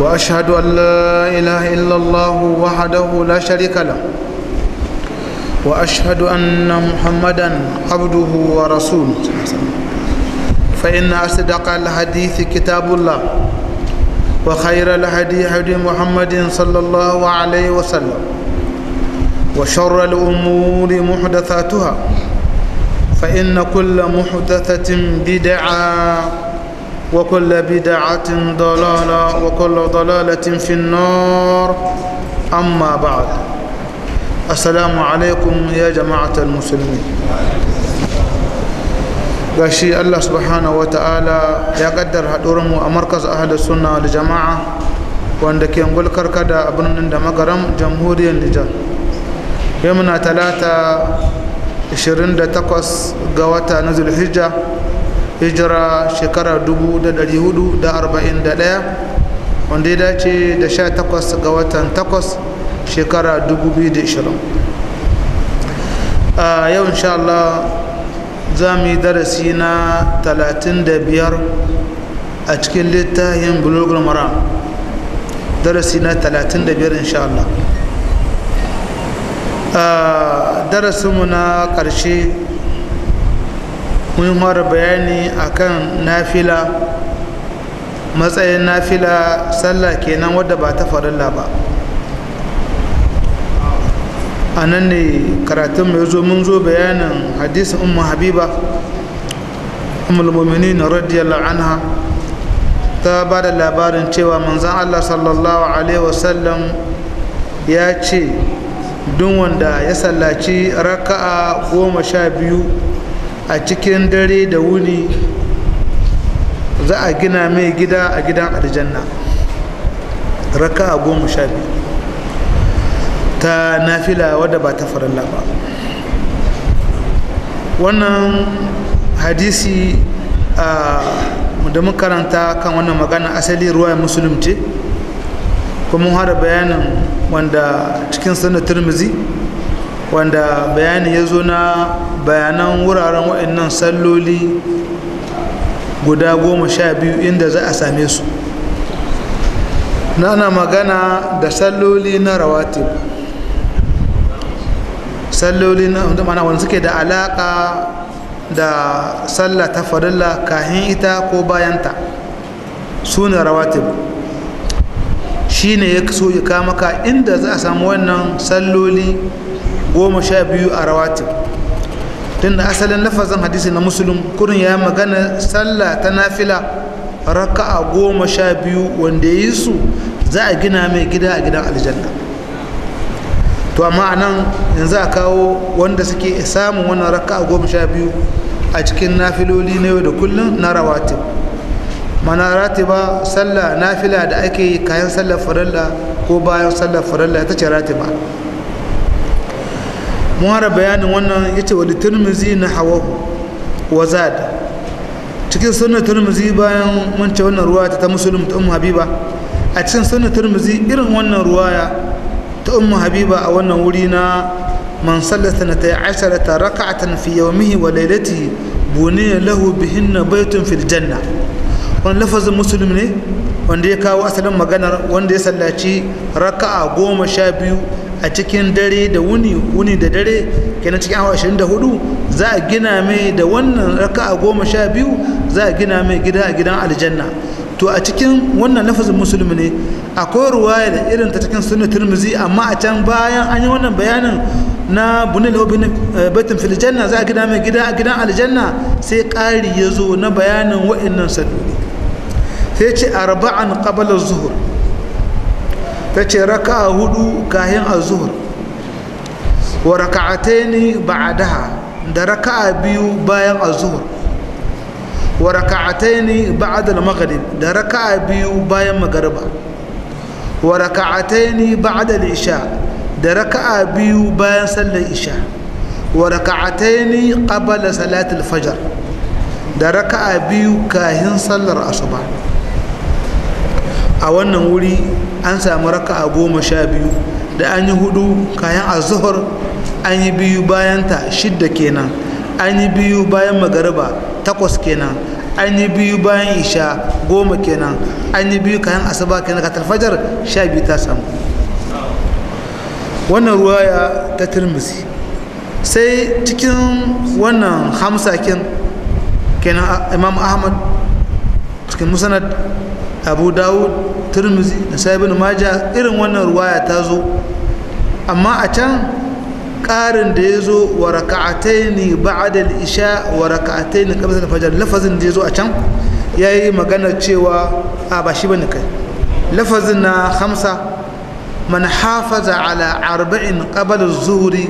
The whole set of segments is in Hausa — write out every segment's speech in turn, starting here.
واشهد ان لا اله الا الله وحده لا شريك له واشهد ان محمدا عبده ورسوله فان اصدق الحديث كتاب الله وخير الهدي هدي محمد صلى الله عليه وسلم وشر الامور محدثاتها فان كل محدثه بدعه وكل بدعة ضلالة وكل ضلالة في النار أما بعد السلام عليكم يا جماعة المسلمين gashi Allah subhana wa ta'ala ya kaddar haɗurinmu a markaz ahal sunna da jama'a wanda ke ngulkar kada a birnin da magaram jamhuriyar Nijar yau muna talata 28 ga wata na zulhijja hijira shekara 441 wanda ya dace da 18 ga watan 8 shekara 2020 a yau insha Allah za mu yi darasi na 35 a cikin littafin bulogul mara darasi na 35 insha Allah darasinmu na ƙarshe mun mara bayani akan nafila matsayin nafila sallah kenan wadda ba ta farilla ba a nan ne karatun mai zo mun zo bayanin hadisin umar habiba na radiyallahu anha ta ba da labarin cewa manzan allah sallallahu alaihi wasallam ya ce duk wanda ya sallaci raka'a goma sha biyu a cikin dare da wuni za a gina mai gida a gidan aljanna raka a goma sha biyu ta nafila wadda ba ta farilla ba wannan hadisi da mun karanta kan wannan magana asali ruwa musulun ce kuma har bayanin wanda cikin sanar turmizi wanda bayani ya zo na bayanan wuraren waɗannan salloli guda goma sha biyu inda za a same su na magana da salloli na rawatib salloli na mana wanda suke da alaƙa da sallah ta farilla kahin ita ko bayanta su ne rawatib shi ne ya so ya kama ka inda za a samu wannan salloli goma sha biyu a rawatin tun da asalin lafazin hadisi na musulun kurin ya magana sallah ta nafila raka'a goma sha biyu wanda yi su za a gina mai gida a gidan aljanna to amma nan yanzu a kawo wanda suke samun wannan raka'a goma sha biyu a cikin nafiloli na yau da kullum na rawatin mana ratiba sallah nafila da ake yi kayan sallar farilla ko bayan sallar farilla ta ce ratiba mun hara bayanin wannan yace wani turmizi na hawahu wa zada cikin sunan turmizi bayan wancan wannan ruwa ta musulun ta umu habiba a cikin sunan turmizi irin wannan ruwaya ta umu habiba a wannan wuri na man sallata na tayi ta raka'atan fi yawmihi wa lailatihi buniya lahu bihinna baitun fil janna wannan lafazin musulmi ne wanda ya kawo asalin maganar wanda ya sallaci raka'a goma sha biyu a cikin dare da wuni wuni da dare kenan cikin awa 24 za a gina mai da wannan raka a goma sha biyu za a gina mai gida a gidan aljanna to a cikin wannan lafazin musulmi ne akwai ruwaya da irin ta cikin sunna turmizi amma a can bayan an yi wannan bayanin na bunil hobin eh, batin filjanna za a gina mai gida a gidan aljanna sai ƙari ya zo na bayanin wa'annan sadu. sai ce arba'an qabala zuhur ta ce raka a hudu kahin a zuhur wa raka'ataini da raka'a biyu bayan a zuhur wa raka'ataini ba'adal da raka'a biyu bayan magariba wa raka'ataini ba'adal isha da raka'a biyu bayan sallar isha wa raka'ataini qabla salatul fajar da raka'a biyu kahin sallar asuba a wannan wuri an samu raka a goma sha biyu da an yi hudu kayan zuhur an yi biyu bayan ta shidda kenan an yi biyu bayan magariba takwas kenan an yi biyu bayan isha goma kenan an yi biyu kayan asaba kenan katar fajar sha biyu ta samu wannan ruwa ya ta tirmisi sai cikin wannan hamsakin kenan imam ahmad cikin musnad abu dawud turmuzi da saibin maja irin wannan ruwaya ta zo amma a can ƙarin da ya zo wa raka'atai ne ba'adal isha wa raka'atai ne ƙabasar fajar lafazin da ya zo a can ya yi maganar cewa a ba shi bane kai lafazin na hamsa man hafaza ala arba'in qabala zuhuri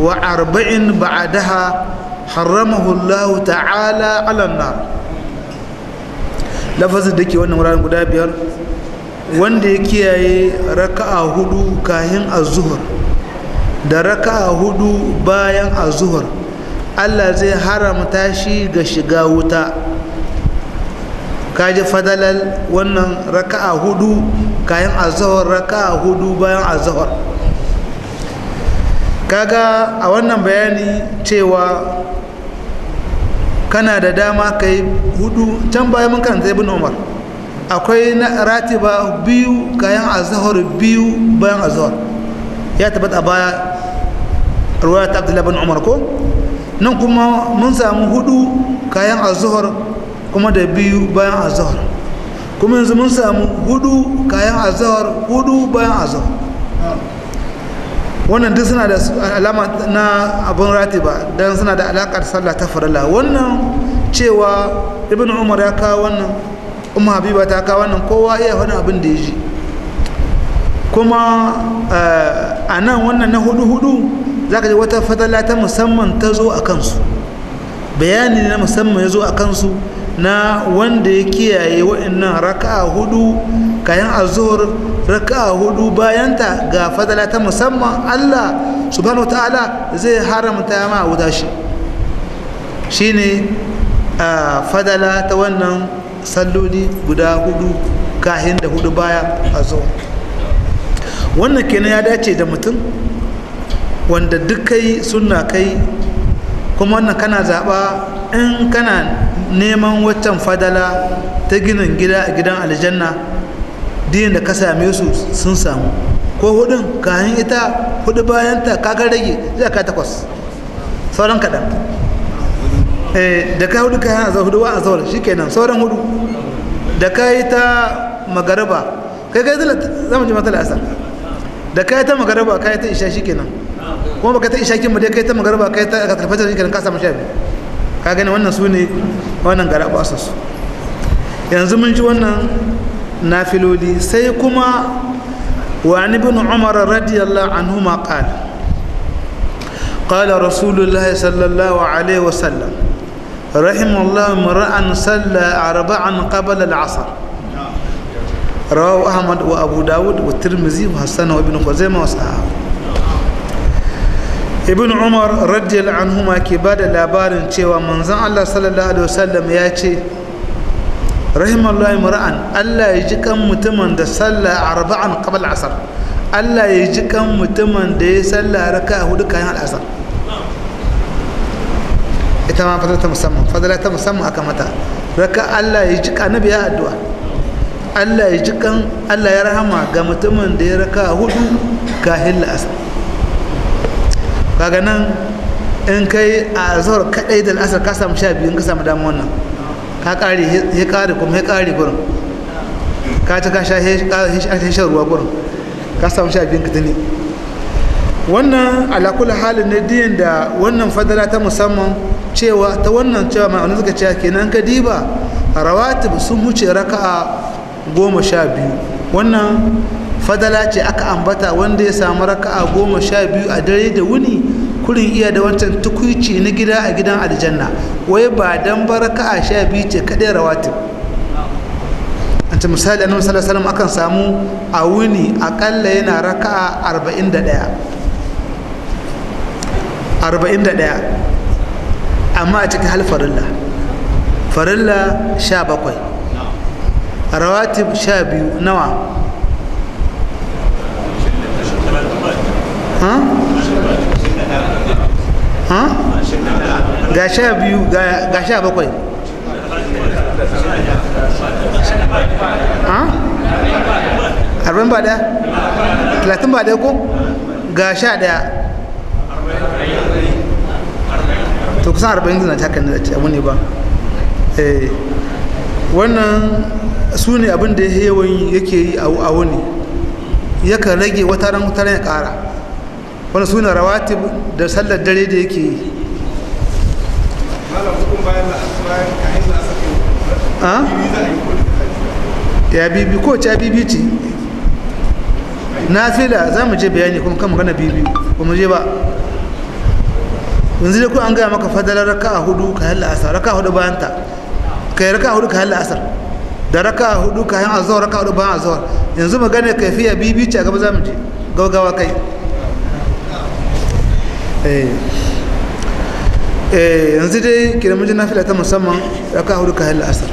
wa arba'in ba'adaha haramahu Allah ta'ala ala lafazin da ke wannan wuraren guda biyar wanda ya kiyaye raka'a hudu kahin zuhur da raka'a hudu bayan azuhur allah zai haramta shi ga shiga wuta kaji fadalal wannan raka'a hudu kayan azahar raka'a hudu bayan azahar kaga a wannan bayani cewa kana da dama ka yi hudu can baya mun karanta ibn umar akwai na ratiba biyu kayan azahar biyu bayan azahar ya tabbata a baya ruwa ta abdullahi ibn umar ko nan kuma mun samu hudu kayan azahar kuma da biyu bayan azahar kuma yanzu mun samu hudu kayan azahar hudu bayan azahar wannan duk suna da alama na abin ratiba don suna da da sallah ta farala wannan cewa ibn umar ya kawo wannan umar habiba ta kawo wannan kowa iya wani abin da ya ji kuma eh, a nan wannan na hudu-hudu za ka ji wata fatala ta musamman ta zo a kansu bayani na musamman ya zo a kansu na wanda ya kiyaye waɗannan raka'a hudu kayan azuhar raka'a hudu bayanta ga fadala ta musamman Allah subhanahu ta'ala zai haramta ma a wuta shi shine fadala ta wannan salloli guda hudu kahin da hudu baya a zo wannan kenan ya dace da mutum wanda duk kai suna kai kuma wannan kana zaɓa in kana neman waccan fadala ta ginin gida a gidan aljanna diyan da ka same su sun samu ko hudun kayan ita hudu bayan ta kaga rage zai kai takwas sauran kaɗan eh, da ka hudu kayan a hudu wa a zaura shi kenan sauran hudu da ka yi ta magaraba kai kai zama jima ta la'asa da ka yi ta magaraba kai ta isha shi kenan kuma baka ta isha kin bude kai ta magaraba kai ta ka tarfata shi kenan ka samu shafi ka gani wannan su ne wannan garaba su yanzu mun ji wannan nafiloli sai kuma wani bin umar radiyallahu anhu ma kala kala rasulullah sallallahu alaihi wasallam rahimallahu mura'an salla arba'an qabla al'asr rawahu ahmad wa abu dawud wa tirmidhi wa wa ibn khuzaimah wa sahab ibn umar radiyallahu anhu ma ke bada labarin cewa manzon allah sallallahu alaihi wasallam ya ce rahimallahu imra'an Allah ya ji kan mutumin da sallah arba'an qabl asr Allah ya ji kan mutumin da ya sallah raka hudu kayan al'asar ita ma fadala ta musamman fadala ta musamman aka mata raka Allah ya ji annabi ya addu'a Allah ya ji kan Allah ya rahama ga mutumin da ya raka hudu kayan al'asar kaga nan in kai a zuhur kadai da al'asar ka samu sha biyu ka samu damu wannan ka kare ya kare kuma ya kare gurin ka ci ka sha ruwa gurin ka samu sha biyun ka wannan alakula halin na diyan da wannan fadala ta musamman cewa ta wannan cewa wani suka cewa kenan ka diba rawatib sun wuce raka'a goma sha biyu wannan fadala ce aka ambata wanda ya samu raka'a goma sha biyu a dare da wuni kurin iya da wancan tukuici na gida a gidan aljanna wai ba dan baraka a sha biyu ce kaɗai rawatin a ce misali annabi sallallahu alaihi wasallam akan samu a wuni akalla yana raka'a arba'in da ɗaya arba'in da ɗaya amma a cikin hal farilla farilla sha bakwai rawatib sha biyu nawa ha? ha? ga sha biyu ga sha bakwai arba'in ba daya talatin ba daya ko ga sha daya to kusan arba'in zana takan da abu ne ba eh, wannan su ne abin da yawan yake yi a ya yakan rage wata ranar ya kara wani su ne rawatib da sallar dare da yake yi ya bibi ko ta bibi ce fila za mu je bayani kuma kan magana bibi ba mu je ba yanzu dai ko an gaya maka fadalar raka a hudu ka halla asar raka hudu bayan ta ka yi raka hudu ka halla asar da raka hudu ka halla azawar raka hudu bayan azawar yanzu magana ka fiya bibi ce a gaba za mu je gaugawa kai eh. Eh, yanzu dai kira mujin fila ta musamman raka hudu ka halla asar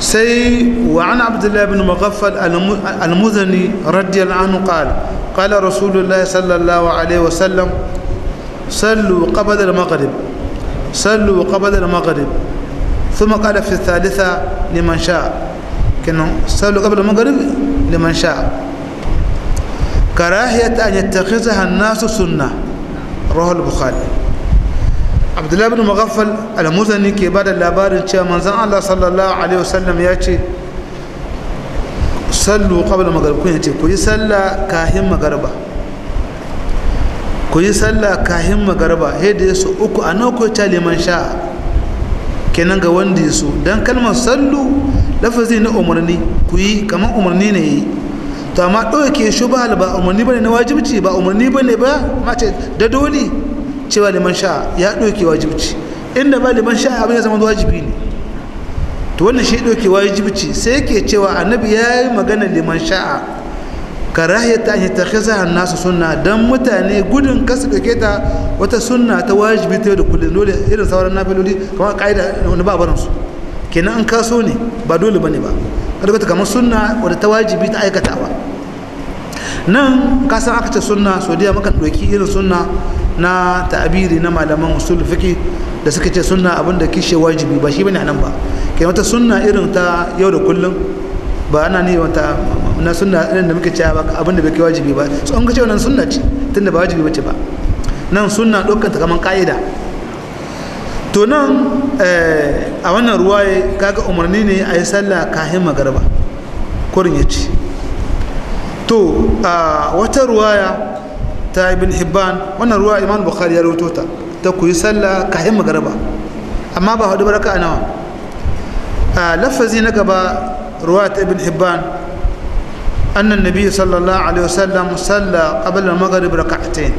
سي وعن عبد الله بن مغفل المذني رضي الله عنه قال قال رسول الله صلى الله عليه وسلم صلوا قبل المغرب صلوا قبل المغرب ثم قال في الثالثة لمن شاء صلوا قبل المغرب لمن شاء كراهية أن يتخذها الناس سنة رواه البخاري abdullahi bin magafal al-muzani ke bada labarin cewa manzan Allah sallallahu alaihi wasallam ya ce sallu qabla maghrib ya ce ku yi sallah kahin magarba ku yi sallah kahin magarba yadda ya so uku a nan ku ta liman sha kenan ga wanda ya so don kalmar sallu lafazi na umarni ku yi kamar umarni ne yi to amma ɗauke shubhal ba umarni bane na wajibci ba umarni bane ba mace da dole cewa liman sha'a ya ɗauke wajibci inda ba liman sha'a abin ya zama wajibi ne to wannan shi ɗauke wajibci sai yake cewa annabi ya yi magana liman sha'a karahiyata an ta kasa nasu sunna don mutane gudun kasu ɗauke ta wata sunna ta wajibi ta da kullum dole irin sauran filoli kamar ƙa'ida wani ba barinsu kenan an kaso ne ba dole ba ne ba ƙarfata kamar sunna wadda ta wajibi ta aikatawa nan kasan aka ce sunna so da makan ɗauki irin sunna na ta'abiri na malaman usul fiki da suka ce sunna abin da kishe wajibi ba shi bane nan ba kai wata sunna irin ta yau da kullum ba ana ne wata na sunna irin da muke cewa abin da bai kai wajibi ba so an ga ce wannan sunna ce tunda ba wajibi bace ba nan sunna dukkan ta kaman ka'ida to nan eh, a wannan ruwaye kaga umarni ne a yi sallah kahin magarba kurin ya ce to a wata ruwaya ta ibn hibban wannan ruwa imam bukhari ya rawaito ta ta ku yi sallah kahin magaraba amma ba hudu baraka nawa a lafazi na gaba ruwa ta ibn hibban annan nabi sallallahu alaihi wasallam salla qabla maghrib rak'atayn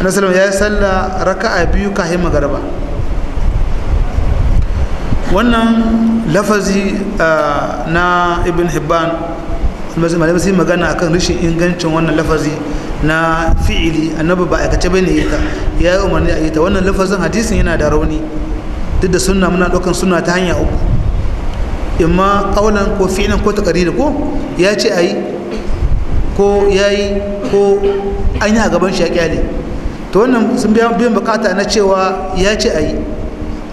annabi sallallahu ya salla raka'a biyu kahin magaraba wannan lafazi na ibn hibban malamai sun magana akan rashin ingancin wannan lafazi na fi'ili annabi ba aikace ba ne ita ya yi umarni a yi ta wannan lafazin hadisin yana da rauni duk da sunna muna ɗaukan suna ta hanya uku imma ƙaunan ko fi'ilan ko takariri ko ya ce a yi ko ya yi ko an yi a gaban shi ya kyale to wannan sun biyan bukata na cewa ya ce a yi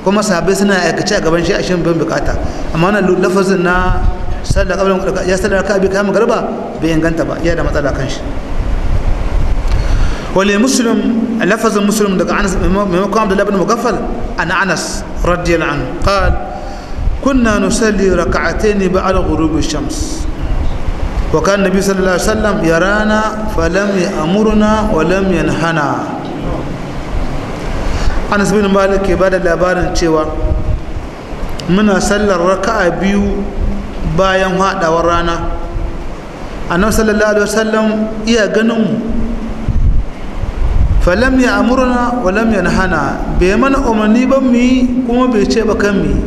kuma sahabai suna aikace a gaban shi a shan biyan bukata amma wannan lafazin na sallar ya sallar ka bi kayan garba bai inganta ba ya da matsala kan shi wale muslim lafazin muslim daga anas maimakon abdullahi bin mugaffal an anas radiyal an qal kunna nusalli rak'atayn ba'da ghurubi shams wa kan nabi sallallahu alaihi wasallam yarana falam ya'murna wa lam yanhana anas bin malik ya bada labarin cewa muna sallar raka'a biyu bayan hadawar rana annabi sallallahu alaihi wasallam iya ganin mu falam ya amurna walam ya nahana bai mana umarni ba mu yi kuma bai ce ba kan mu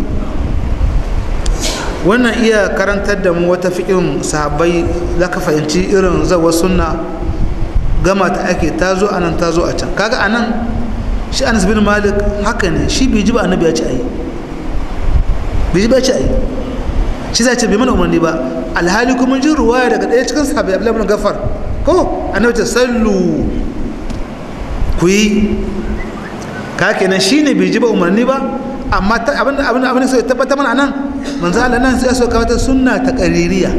wannan iya karantar da mu wata fikin sahabbai za ka fahimci irin zawa sunna gama ta ake ta zo a nan ta zo a can kaga a nan shi anas bin malik haka ne shi bai ji ba annabi ya ci ayi bai ji ba ci ayi shi za ce bai mana umarni ba alhali kuma jin ruwaya daga ɗaya cikin sahabbai abu bin gafar ko annabi ta sallu ku yi ka shi ne bai ji ba umarni ba amma abin da sai tabbata mana nan manzo Allah nan sai so kawo ta sunna ta qaririya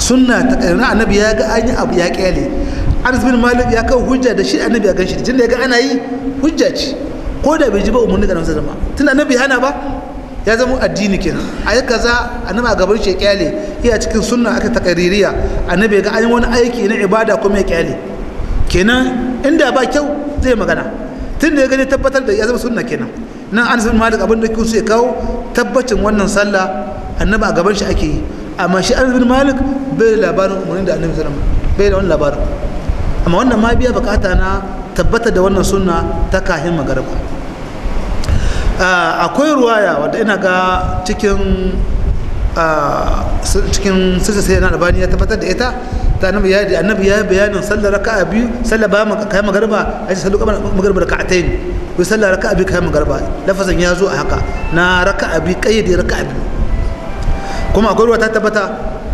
sunna ta qaririya annabi ya ga an yi abu ya kyale Anas bin Malik ya kawo hujja da shi annabi ya ganshi tunda ya ga ana yi hujja ce ko da bai ji ba umarni ga nan zama tunda annabi hana ba ya zama addini kenan a yi kaza annabi a gaban shi ya kyale iya cikin sunna aka ta qaririya annabi ga an yi wani aiki na ibada kuma ya kyale kenan inda ba kyau zai magana tun da ya gani tabbatar da ya zama sunna kenan nan an san malik abin da ke su ya kawo tabbacin wannan sallah annabi a gaban shi ake yi amma shi an bin malik bai da labarin umarni da annabi sallama bai da wani labarin amma wannan ma biya bukata na tabbatar da wannan sunna ta kahin magarba ah, akwai ruwaya wadda ina ga cikin cikin sirrin sai na albani ya tabbatar da ita ta annabi ya yi annabi ya yi bayanin sallar raka'a biyu sallar ba kayan magarba a ce sallar magarba ta raka'atain ko sallar raka'a biyu kayan magarba lafazin ya zo a haka na raka'a biyu kayyade raka'a biyu kuma akwai ruwa ta tabbata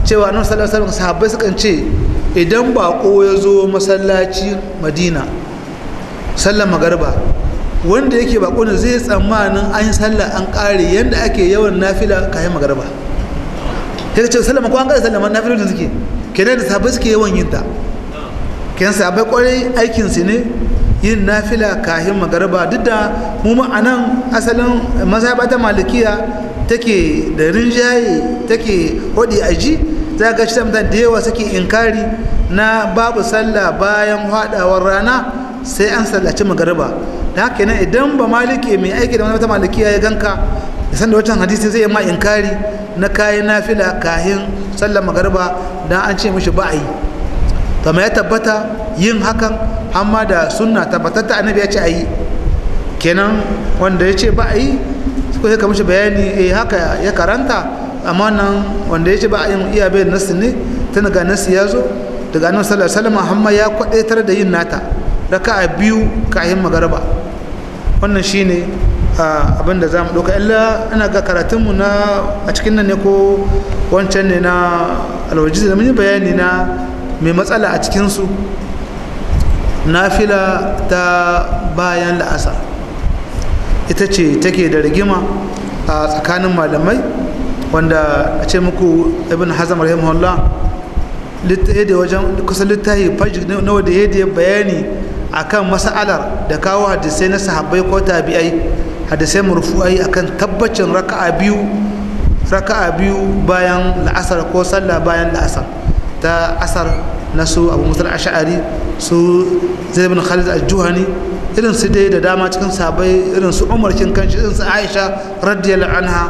cewa annabi sallallahu alaihi wasallam sahabbai sukan ce idan bako ya zo masallaci madina sallar magarba wanda yake bako ne zai tsammanin an sallar an kare yadda ake yawan nafila kayan magarba ta ce sallama ko an sallama na filin da suke kenan da sabai suke yawan yin ta kenan sabai kwarai aikin su ne yin nafila kahin magariba. duk da mu ma a nan asalin ba ta malikiya take da rinjaye take hodi aji za ga shi da yawa suke inkari na babu sallah bayan hadawar rana sai an sallaci magariba. da haka kenan idan ba maliki mai aiki da wani mata malikiya ya ganka da san da wancan hadisi zai yi ma inkari na kayan nafila kahin sallar magarba don an ce mishi ba'ayi to ya tabbata yin hakan amma da sunna tabbatatta annabi ya ce ayi kenan wanda ya ce ba'ayi ko sai ka mishi bayani eh haka ya karanta amma nan wanda ya ce ba'ayin iya bayan nasu ne tun daga nasu ya zo daga nan sallar salama amma ya kwadaitar da yin nata raka'a biyu kahin magarba wannan shine abin da za mu ɗauka illa ina ga karatunmu na a cikin nan ne ko wancan ne na alwajiz da mun yi bayani na mai matsala a cikinsu nafila ta bayan la'asa ita ce take da rigima a tsakanin malamai wanda a ce muku ibn hazam rahimahullah yadda wajen kusan littafi fajik na wadda yadda bayani akan masalar da kawo hadisai na sahabbai ko tabi'ai hadisai murfu'ai akan tabbacin raka'a biyu raka'a biyu bayan la'asar ko sallah bayan la'asar ta asar na su abu musul ash'ari su zai bin khalid al-juhani irin su dai da dama cikin sabai irin su umar kin kanshi irin su aisha radiyallahu anha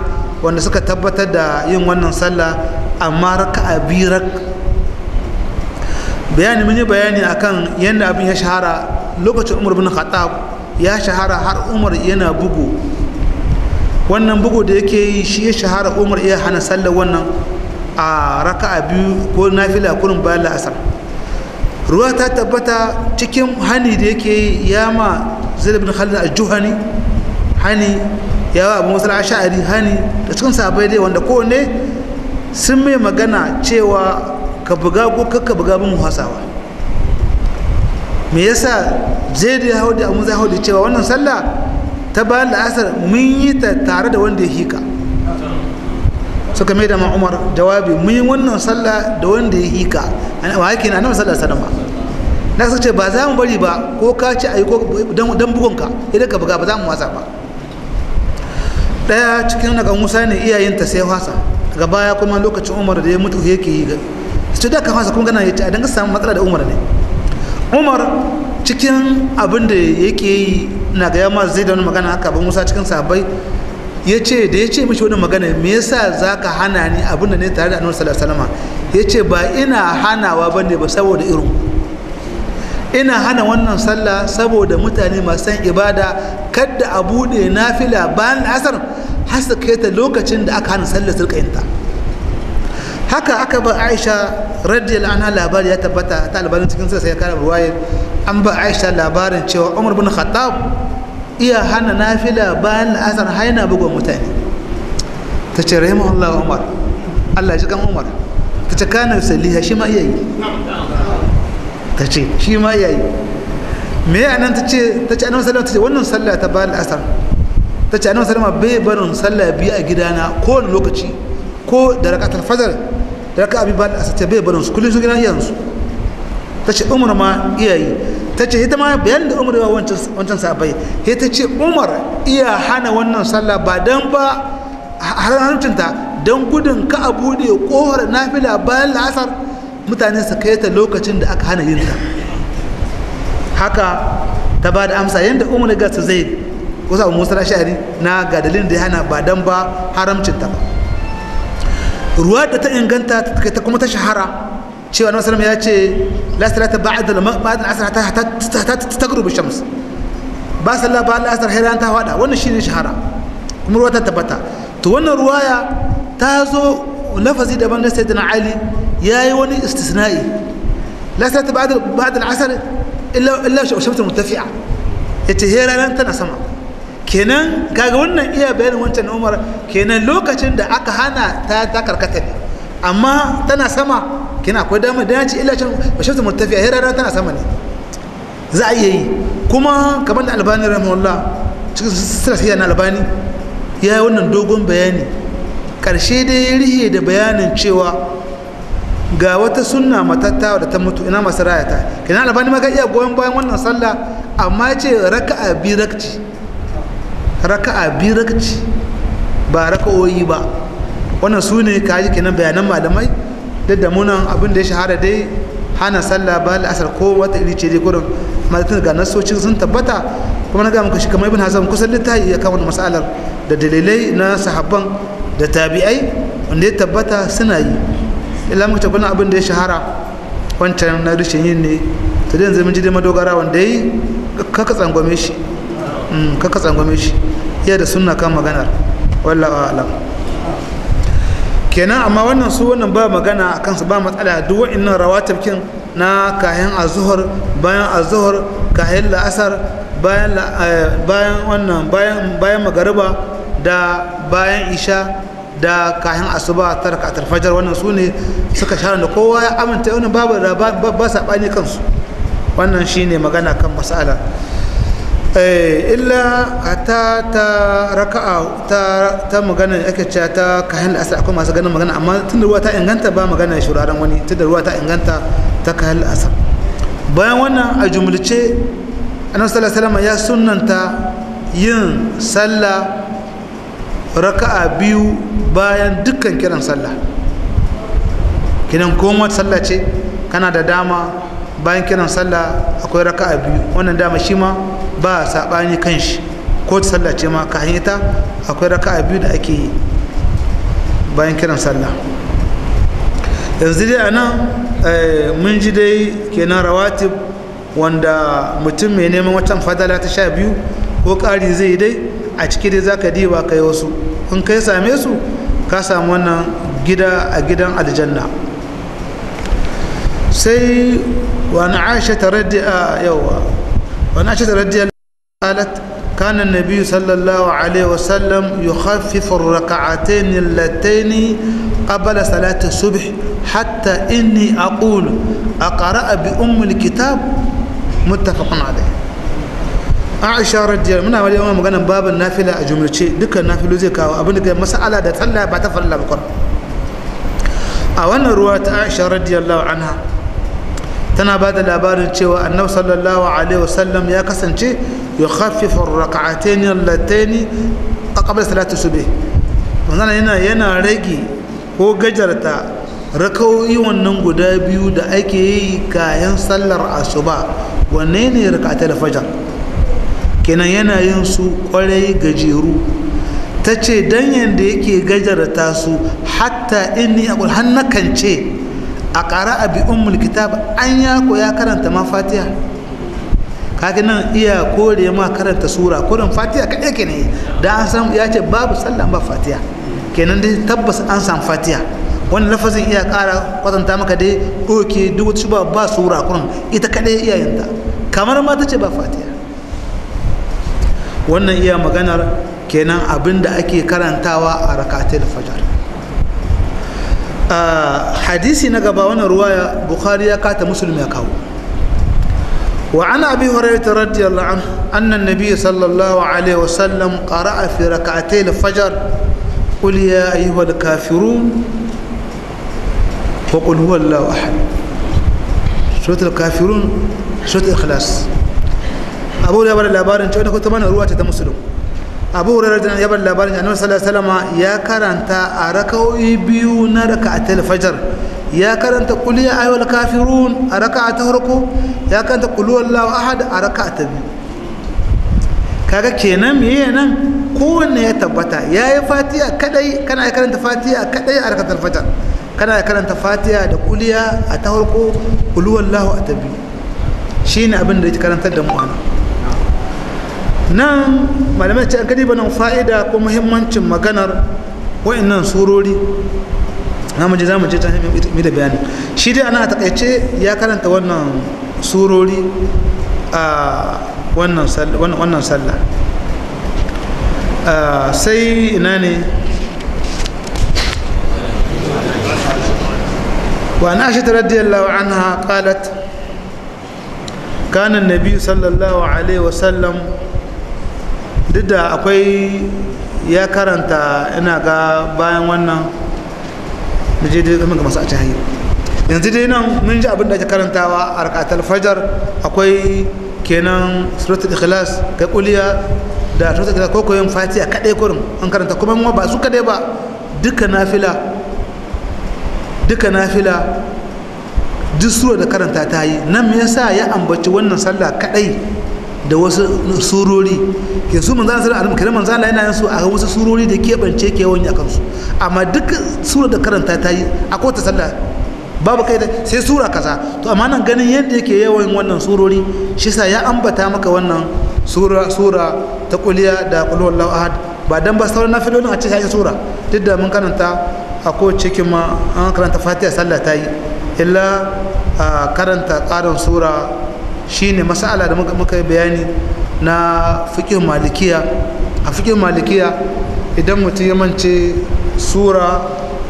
wanda suka tabbatar da yin wannan sallah amma raka'a biyu rak bayani mun yi bayani akan yadda abin ya shahara lokacin umar bin khattab ya shahara har umar yana bugu wannan bugu da yake yi shi ya shahara umar iya hana sallar wannan a raka'a biyu ko nafila kurin bayan la'asar ruwa ta tabbata cikin hani da yake yi ya ma zaid bin khalid a juhani hani ya wa abu musul ash'ari hani da cikin sabai dai wanda kowanne sun mai magana cewa ka buga ko kakka buga bin hasawa me yasa zai da hau da amu zai hau cewa wannan sallah ta bayan la'asar mun yi ta tare da wanda ya hika suka mai da umar jawabi mun yi wannan sallah da wanda ya hika wa haƙƙi na nan sallah sadama na su ce ba za mu bari ba ko ka ci a yi don bugunka idan ka buga ba za mu wasa ba ɗaya cikin daga musa ne iyayenta sai wasa ga baya kuma lokacin umar da ya mutu yake yi ga su da ka fasa kuma gana ya ce a dangasa matsala da umar ne umar cikin abin da yake yi na ga yamma zai da wani magana aka ba musa cikin sabai ya ce da ya ce mishi wani magana me yasa za ka hana ni abin da ne tare da annabi sallallahu alaihi wasallam ya ce ba ina hanawa ba ne ba saboda irin ina hana wannan sallah saboda mutane masu san ibada kadda a buɗe nafila bayan asar har su kai ta lokacin da aka hana sallah sulƙayinta haka aka ba aisha radiyallahu anha labari ya tabbata ta labarin cikin sai ya kara ruwayar an ba aisha labarin cewa umar bin khattab iya hana nafila bayan la'asar haina bugon mutane ta ce rahimahullah umar allah ji kan umar ta ce kana saliha shi ma iya yi ta ce shi ma iya yi me ya nan ta ce ta ce annabi sallama ta ce wannan sallah ta bayan la'asar ta ce annabi sallama bai barin sallah biyu a gidana kowane lokaci ko da rakatul fajr da raka abi ba da asata bai barin su kullum su gina yanzu. ta ce umar ma iyayi ta ce ita ma bayan da umar yawa wancan sabai ya ta ce umar iya hana wannan sallah ba don ba har hannuncinta don gudun ka a buɗe ƙohar nafila bayan la'asar mutane su kai ta lokacin da aka hana yin ta haka ta ba da amsa yadda umar gasa zai kusa musa shari na gadalin da ya hana ba don ba haramcinta ba ruwa da ta inganta ta kuma ta shahara cewa na wasallam ya ce la salata ba'da ba'da ta ta hatta tagrubu shams ba sallah ba al-asr hayran ta wada wannan shine shahara kuma ruwa ta tabbata to wannan ruwaya ta zo lafazi daban da sayyidina ali yayi wani istisna'i la ta ba'ad ba'da al-asr illa illa shams murtafi'a yace hayran tana sama kenan kaga wannan iya bayanin wancan umar kenan lokacin da aka hana ta ta karkata ne amma tana sama kina akwai dama da ci illa can bashirtu murtafi a hirarra tana sama ne za a iya yi kuma kamar da albani rahimahullah cikin sirasiya na albani ya yi wannan dogon bayani karshe dai ya rihe da bayanin cewa ga wata sunna matattawa da ta mutu ina masu rayata kenan albani ma ka iya goyon bayan wannan sallah amma ce raka'a biyu rakci raka'a biyu rakaci ba rakaoyi ba wannan su ne ka ji kenan bayanan malamai duk da munan abin da ya shahara dai hana sallah ba la'asar ko wata iri ce dai gurin matattun ga nasocin sun tabbata kuma na gama kashi kamar ibn hazan kusan littafi ya kawo matsalar da dalilai na sahabban da tabi'ai wanda ya tabbata suna yi ila muka abin da ya shahara wancan na rishin yin ne to dai yanzu mun ji dai madogara wanda ya yi kaka tsangwame shi kaka mm, tsangwame shi iya da suna kan maganar wallah alam kenan amma wannan su wannan ba magana a kansu ba matsala duk wa'annan rawa tafkin na kayan azuhur bayan azuhur kayan la'asar eh, bayan wannan bayan bayan magariba da bayan isha da kayan asuba tarka fajar wannan su ne suka share da kowa ya aminta wannan babu ba saɓani kansu wannan shine magana kan mas'ala Eh, illa ta ta raka'a ta ta magana ake cewa ta kayan asar akwai masu ganin magana amma tun da ruwa ta inganta ba magana shuraren wani tun da ruwa ta inganta ta kayan asar bayan wannan a jumulce annabi sallallahu alaihi ya sunanta yin sallah raka'a biyu bayan dukkan kiran sallah kinan komar sallah ce kana da dama bayan kiran sallah akwai raka'a biyu wannan dama shi ma ba saɓani kan shi ko ta sallah ce ma ka hanyar akwai raka'a biyu da ake yi bayan kiran sallah yanzu dai a nan eh, mun ji dai kenan rawatib wanda mutum mai neman watan fadala ta sha biyu ko ƙari zai yi dai a ciki dai za ka diba kai wasu in kai same su ka samu wannan gida a gidan aljanna sai وعن عائشة رضي يوا وعن عائشة رضي قالت كان النبي صلى الله عليه وسلم يخفف الركعتين اللتين قبل صلاة الصبح حتى إني أقول أقرأ بأم الكتاب متفق عليه aisha radiyar muna wani yawan maganan babin nafila a jumlace dukkan nafilu zai kawo abin da masala da talla ba ta falla bakwai a wannan ruwa ta aisha radiyallahu anha tana ba da labarin cewa annabi sallallahu alaihi wasallam ya kasance ya khaffifa raka'atain allataini qabla salati subh wannan yana yana rage ko gajarta raka'o'i wannan guda biyu da ake yi kayan sallar asuba wanne ne da fajr kenan yana yin su kwarai gajeru ta ce dan yadda yake gajarta su hatta inni aqul hannakan ce a ƙara abi umul kitab an ya koya karanta ma fatiha kaga nan iya kore ma karanta sura kurin fatiha kaɗai ke ne da an samu ya ce babu sallan ba fatiha kenan dai tabbas an san fatiha wani lafazin iya ƙara kwatanta maka dai ɗoke duk wata shuba ba sura kurin ita kaɗai iyayenta kamar ma ta ce ba fatiha wannan iya maganar kenan abinda ake karantawa a rakatul fajar a hadisi na gaba wannan ruwaya bukhari ya kata musulmi ya kawo wa ana abi hurairah radiyallahu anhu anna nabiy sallallahu alaihi wa sallam qara'a fi rak'atay al-fajr qul ya ayyuha al-kafirun wa qul huwa allah ahad surat al-kafirun surat ikhlas abu da labarin cewa na ta mana ruwa ta musulmi. abu hurairar da ya bar labarin annabi sallallahu ya karanta a raka'o'i biyu na a fajr ya karanta qul ya ayyuhal kafirun a a ta farko ya karanta qul huwallahu ahad a raka'a ta biyu kaga kenan meye nan kowanne ya tabbata ya yi fatiha kadai kana karanta fatiha kadai a rakatul fajr kana karanta fatiha da kuliya a ta farko qul huwallahu a ta biyu shine abin da yake karantar da mu anan nan malamai ce an kadiba banan fa'ida ko muhimmancin maganar wa'annan surori na mu je za mu je ta hanyar da bayani shi dai ana takaice ya karanta wannan surori a wannan sallah sai ina ne وعن عائشة رضي الله عنها قالت كان النبي صلى الله عليه وسلم duk da akwai ya karanta ina ga bayan wannan da je dai masu a ci yanzu dai nan mun ji abin da ake karantawa a rakatar fajar akwai kenan suratul ikhlas kai kuliya da suratul ikhlas ko koyon fatiha kadai kurin an karanta kuma mu ba su kadai ba duka nafila duka nafila duk sura da karanta ta yi nan me yasa ya ambaci wannan sallah kadai da wasu surori ke su manzana sai alim kare manzana yana yin su a wasu surori da keɓance ke yawan akan su amma duk sura da karanta ta yi a kowace sallah babu kai da sai sura kaza to amma nan ganin yadda yake yawan wannan surori shi sa ya ambata maka wannan sura sura ta kuliya da kulwar ahad ba dan ba sauran nafilolin a cikin sura duk da mun karanta a kowace cikin ma an karanta fatiha sallah ta yi illa karanta ƙarin sura shine masala da muka bayani na fikin malikiya a fikin malikiya idan mutum ya mance sura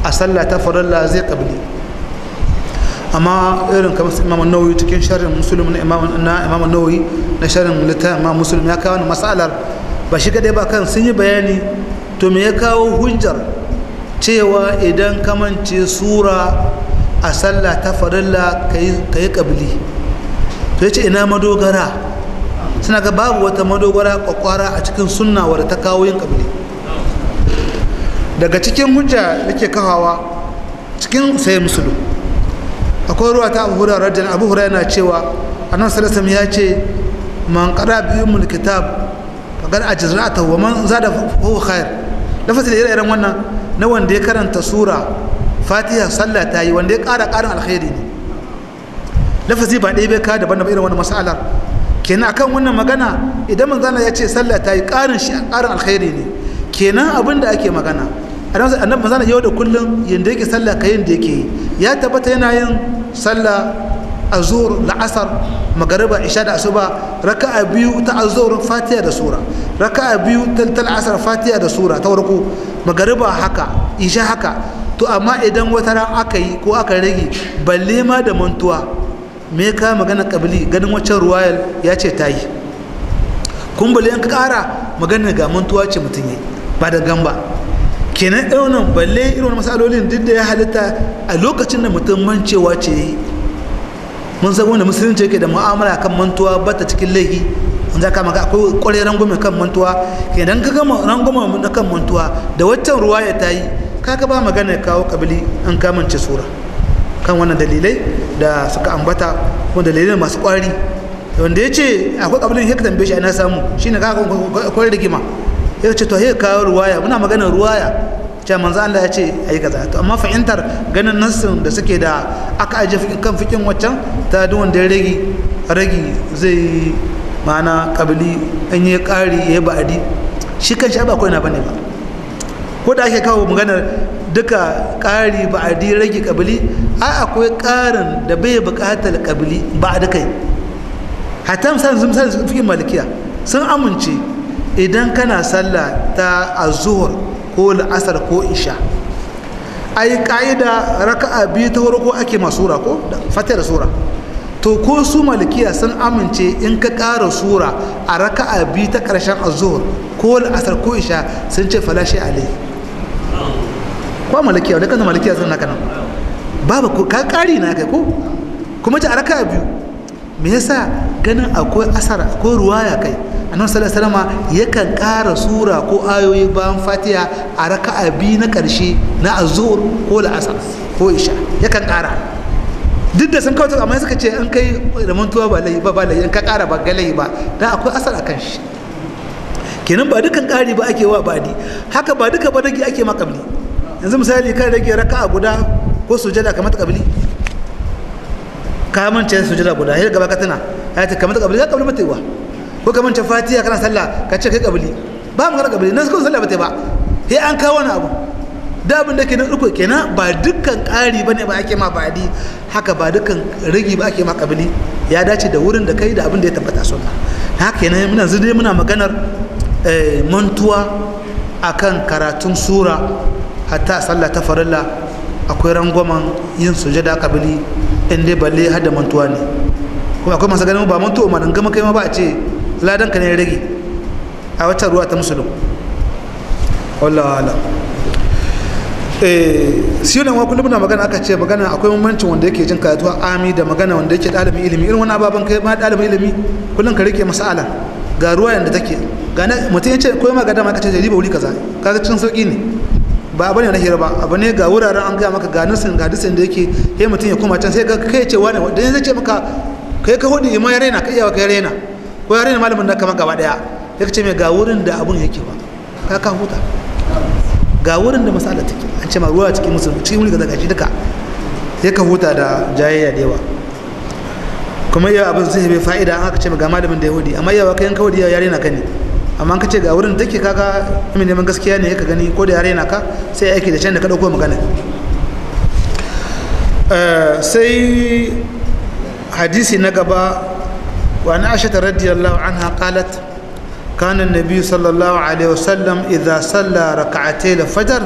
a sallah ta farilla zai kabli amma irin kamar su imamun nauyi cikin sharin musulun na imamun nauyi na sharin littafin imam musulun ya kawo masalar ba shi kadai ba kan sun yi bayani to me ya kawo hujjar cewa idan kamance sura a sallah ta farilla ka yi kabli to ce ina madogara suna ga babu wata madogara kwakwara a cikin sunna wadda ta kawo yin kabili daga cikin hujja da ke kawawa cikin sai musulun akwai ruwa ta abu hurairar rajin abu hura yana cewa annan salasam ya ce man kara biyu mul kitab fagar a jizra'ata wa man zada fahu khair lafazin da iren wannan na wanda ya karanta sura fatiha sallah ta yi wanda ya kara karin alkhairi ne lafazi ba ɗaya bai ka daban daban irin wani mas'alar kenan akan wannan magana idan manzana ya ce sallah ta yi ƙarin shi ƙarin alkhairi ne kenan abin da ake magana annabi manzana yau da kullum yadda yake sallah ka yin da yake yi ya tabbata yana yin sallah azur la'asar magariba isha da asuba raka'a biyu ta azur fatiha da sura raka'a biyu ta la'asar fatiha da sura ta warko magariba haka isha haka to amma idan wata ran aka yi ko aka rage balle ma da mantuwa me ka magana kabili ganin waccan ruwayar ya ce ta yi kumbali yanka ka kara magana ga mantuwa ce mutum yi ba da gamba kenan ɗaunan balle irin matsalolin duk da ya halitta a lokacin da mutum mancewa ce yi mun san wanda musulunci yake da mu'amala kan mantuwa ba ta cikin laifi in za ka maka akwai kwarai rangume kan mantuwa kenan ka gama rangume na kan mantuwa da waccan ruwaya ta yi kaka ba magana kawo kabili an kamance sura kan wannan dalilai da suka ambata kuma dalilai masu kwari wanda ya ce akwai kabilin ya tambaye shi ana samu shi ne akwai rigima ya ce to ya kawo ruwaya muna maganar ruwaya cewa manzo Allah ya ce ayi kaza to amma fahimtar ganin nassin da suke da aka aje kan fikin waccan ta duk wanda ya rage rage zai mana kabili in ya kare ya ba'adi shi kan shi ba kawai na bane ba ko da ake kawo maganar duka ƙari ba a di rage ƙabili a akwai ƙarin da bai buƙatar ƙabili ba a dukai hatam san zum san fi malikiya sun amince idan kana sallah ta azuhur ko la'asar ko isha ai ƙa'ida raka'a biyu ta farko ake ma sura ko fatar sura to ko su malikiya sun amince in ka ƙara sura a raka'a biyu ta ƙarshen azuhur ko la'asar ko isha sun ce falashe alai ko malikiya dukkan malakiya sun haka nan babu ko ka kari na kai ko kuma ta araka biyu me yasa ganin akwai asara akwai ruwaya kai annabi sallallahu alaihi wasallam yakan kara sura ko ayoyi bayan fatiha a raka'a biyu na ƙarshe na azur ko la'asar ko isha yakan kara. duk da sun kawo amma suka ce an kai da mantuwa ba lai ba ba lai ka kara ba galai ba dan akwai asar kan shi kenan ba dukan kari ba ake wa badi haka ba duka badagi ake makamni yanzu misali kan rage raka'a guda ko sujada kamar ta kabili ka mance sujada guda sai gaba ka tana ce kamar ta kabili ka kabili mutewa ko ka mance fatiha kana sallah ka ce kai kabili ba mu kana kabili nan suka sallah bata ba sai an kawo wani abu da abin da ke nan uku kenan ba dukkan ƙari ne ba ake ma ba'adi haka ba dukkan rigi ba ake ma kabili ya dace da wurin da kai da abin da ya tabbata sunna haka kenan muna zai muna maganar eh, mantuwa akan karatun sura hatta sallah ta farilla akwai rangwamen yin sujada kabili in dai balle har da mantuwa ne kuma akwai masu ganin ba mantuwa ma gama kai ma ba a ce ladan ka ne rage a wata ruwa ta musulun wallah ala eh shi ne wa kullum na magana aka ce magana akwai mamancin wanda yake jin karatu ami da magana wanda yake dalibin ilimi irin wani ababen kai ma dalibin ilimi kullum ka rike masala ga ruwa yanda take ga mutum ya ce koyi ma ga dama ka ce jariba wuri kaza kaga cikin sauki ne ba abu ne na hira ba abu ne ga wuraren an gaya maka ga nasin ga disin da yake sai mutum ya koma can sai ga kai ce wani da zai ce maka kai ka hudu ma ya raina ka iyawa kai raina ko ya raina malamin da kama gaba daya ya ce mai ga wurin da abun yake ba ka ka huta ga wurin da masala take an ce ma ruwa cikin musulmi cikin wuri ga zagaji duka sai ka huta da jayayya da yawa kuma yawa abin sai bai fa'ida an aka ce ga malamin da yahudi amma yawa kai yanka yahudi ya raina ka ne amma ka ce ga wurin da take kaga mai neman gaskiya ne ka gani ko da yare na ka sai aiki da can da ka dauko magana eh, sai hadisi na gaba wa na ashata radiyallahu anha qalat kana biyu sallallahu alaihi wasallam idza salla rak'atay al-fajr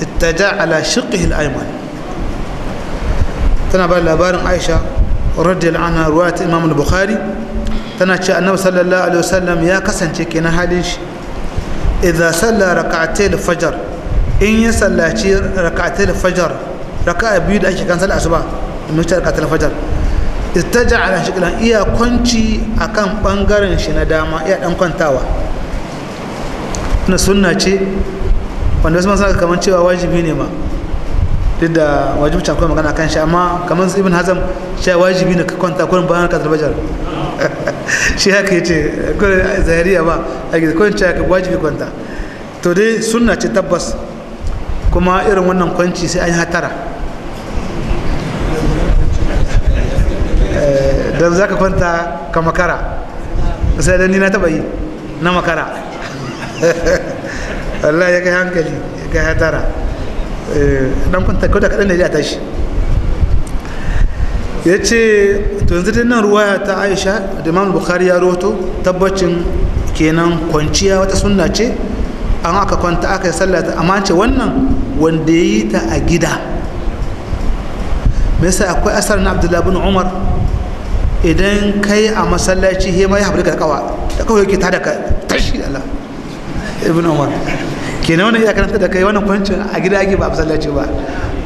ittaja ala shiqqihi al-ayman tana ba labarin Aisha radiyallahu anha ruwayat Imam al-Bukhari tana ce annabi sallallahu alaihi wasallam ya kasance kenan halin shi idza salla rak'atai da fajr in ya sallaci rak'atai da fajr raka'a biyu da ake kan sallar asuba mun ta rak'atai da fajr ittaja ala shiklan iya kwanci akan bangaren shi na dama iya dan kwantawa na sunna ce wanda wasu masu kamar cewa wajibi ne ma duk da can kuma magana kan shi amma kamar ibn hazam cewa wajibi ne ka kwanta kurin bayan ka tarbajar shi haka yace kawai zahiriya ba a gida kawai ce ka wajibi kwanta to dai sunna ce tabbas kuma irin wannan kwanci sai an yi hatara eh, don za ka kwanta ka makara sai dan ni na taba yi na makara Allah ya kai hankali ya kai hatara eh, dan kwanta ko da kaɗan da ya tashi ya ce to yanzu dai nan ruwaya ta aisha da imam bukhari ya roto tabbacin kenan kwanciya wata sunna ce an aka kwanta aka yi sallah ta amma ce wannan wanda ya yi ta a gida me yasa akwai asar na abdullahi bin umar idan kai a masallaci he ma ya haɓu da kawa da kawai yake tada ka tashi da Allah ibn umar kenan wannan ya karanta da kai wannan kwancin a gida ake ba a masallaci ba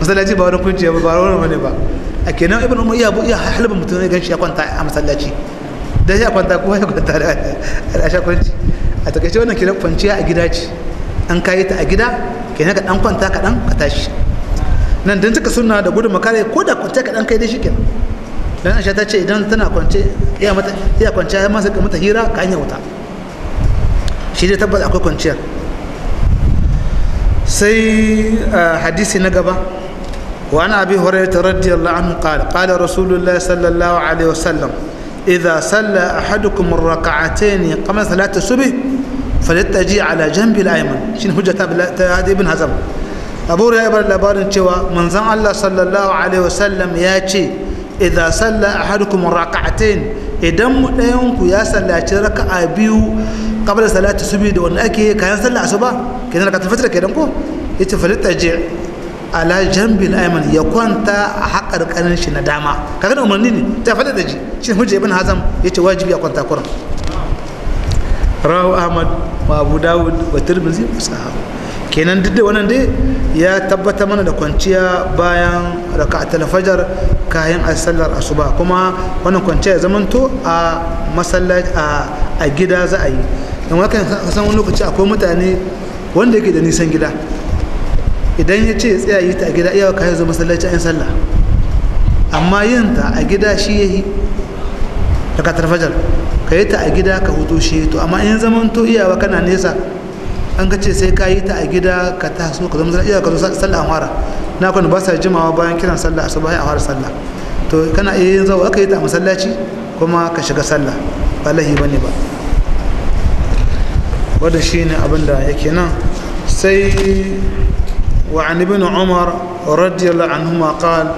masallaci ba wani kwanciya ba ba wani ba a kenan ibn umar iya iya halibin mutum ne ganshi ya kwanta a masallaci dan ya kwanta kuma ya kwanta da a kwanci a takaice wannan kenan kwanciya a gida ce an kayi ta a gida kenan ka dan kwanta ka dan ka tashi nan dan taka sunna da gudun makare ko da kwanta ka dan kai dai shikenan dan Aisha ta ce idan tana kwance ya mata iya kwanciya ya masa mata hira ka hanya wuta shi dai tabbata akwai kwanciyar sai eh, hadisi na gaba وعن أبي هريرة رضي الله عنه قال قال رسول الله صلى الله عليه وسلم إذا صلى أحدكم الركعتين قبل صلاة الصبح فليتجي على جنب الأيمن شين حجة labarin cewa manzon Allah ya ce idza salla ahadukum raka'atain idan mu ɗayan ku ya sallaci raka'a biyu qabla salati subhi da wanda ake kayan sallah asuba kenan ka ala jambin ayman ya kwanta a ƙanin shi na dama kaga da umarni ne ta faɗa da ji shi hujjai ibn hazam ya ce wajibi ya kwanta kuran rahu ahmad wa abu dawud wa tirmidhi wa sahabu kenan duk da wannan dai ya tabbata mana da kwanciya bayan raka'atul talafajar kayan a sallar asuba kuma wannan kwanciya ya zamanto a masallaci a gida za a yi don haka san wani lokaci akwai mutane wanda yake da nisan gida idan ya ce tsaya yi ta a gida iyawa ka zo masallaci ayin sallah amma yin ta a gida shi ya yi da katar fajar ka yi ta a gida ka hutu shi to amma in zaman to iyawa kana nesa an ka ce sai ka yi ta a gida ka taso ka zama iyawa ka zo sallah an fara na kwanu ba sa jimawa bayan kiran sallah a sabahin a fara sallah to kana iya yin zawo aka yi ta a masallaci kuma ka shiga sallah ba lahi ba ne ba wadda shi ne abin da yake nan sai وعن ابن عمر رضي الله عنهما قال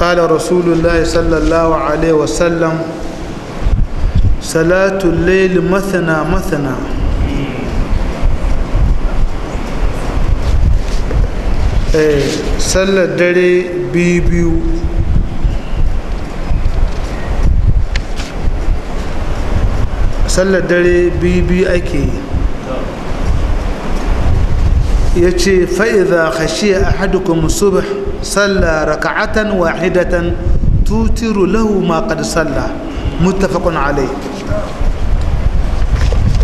قال رسول الله صلى الله عليه وسلم صلاة الليل مثنى مثنى sallar dare biyu sallar dare biyu ake yi ya ce fa'iza khashiya ahadukum subh salla raka'atan wahidatan tutiru lahu ma qad salla muttafaqun alai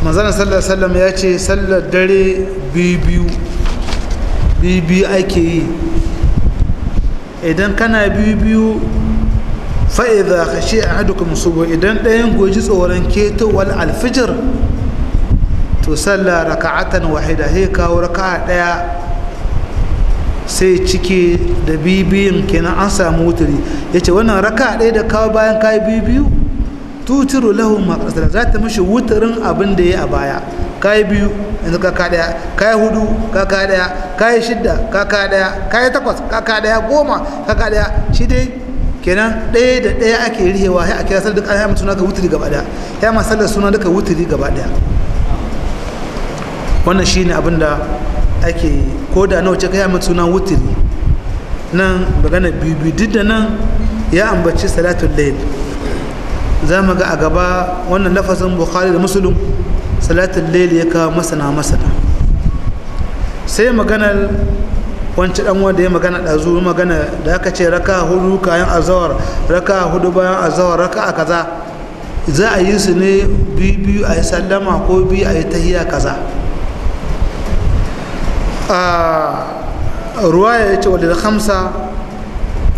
manzana sallar sallam ya ce sallar dare biyu biyu ake yi idan kana biyu biyu fa'iza khashiya ahadukum subh idan ɗayan goji tsoron ketowar alfijir to sallah raka'atan wahida sai kawo raka'a daya sai cike da bibiyin kenan an samu wuturi yace wannan raka'a daya da kawo bayan kai bibiyu tuturu lahu ma qasara za ta mishi wuturin abin da ya a baya kai biyu yanzu ka ka daya kai hudu ka ka daya kai shidda ka ka daya kai takwas ka ka daya goma ka ka daya shi dai kenan ɗaya da ɗaya ake rihewa sai a kira sallar duk an yi mutum ga wuturi gaba daya ya ma sallar suna duka wuturi gaba daya. wannan shi ne abinda ake ko da nawa ka yamin suna wutiri nan magana bibi duk da nan ya ambaci salatun layl za mu ga a gaba wannan lafazin bukhari da musulun salatun layl ya kawo masana masana sai maganar wancan dan wanda ya magana ɗazu magana da aka ce raka hudu kayan azawar raka hudu bayan azawar raka a kaza za a yi su ne biyu biyu a yi sallama ko biyu a yi tahiya kaza a ruwaya ya ce wadda da hamsa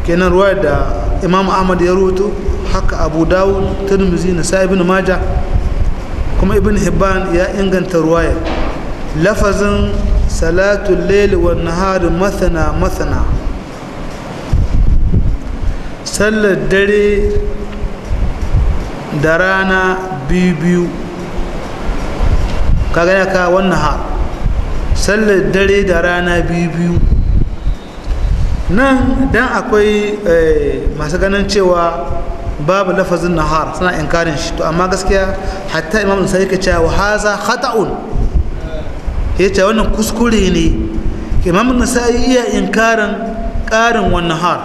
kenan ruwaya da imam ahmad ya rubuto haka abu dawud tirmizi na sa'ibin maja kuma ibn hibban ya inganta ruwaya lafazin salatu laili wa nahari masana mathana sallar dare da rana biyu biyu ka gani ka wannan haɗu sallar dare da rana biyu biyu nan dan akwai eh, masu ganin cewa babu lafazin nahar suna inkarin shi to amma gaskiya hatta imam da ka cewa haza khata'un ya ce wannan kuskure ne imam nasai iya inkarin karin wannan har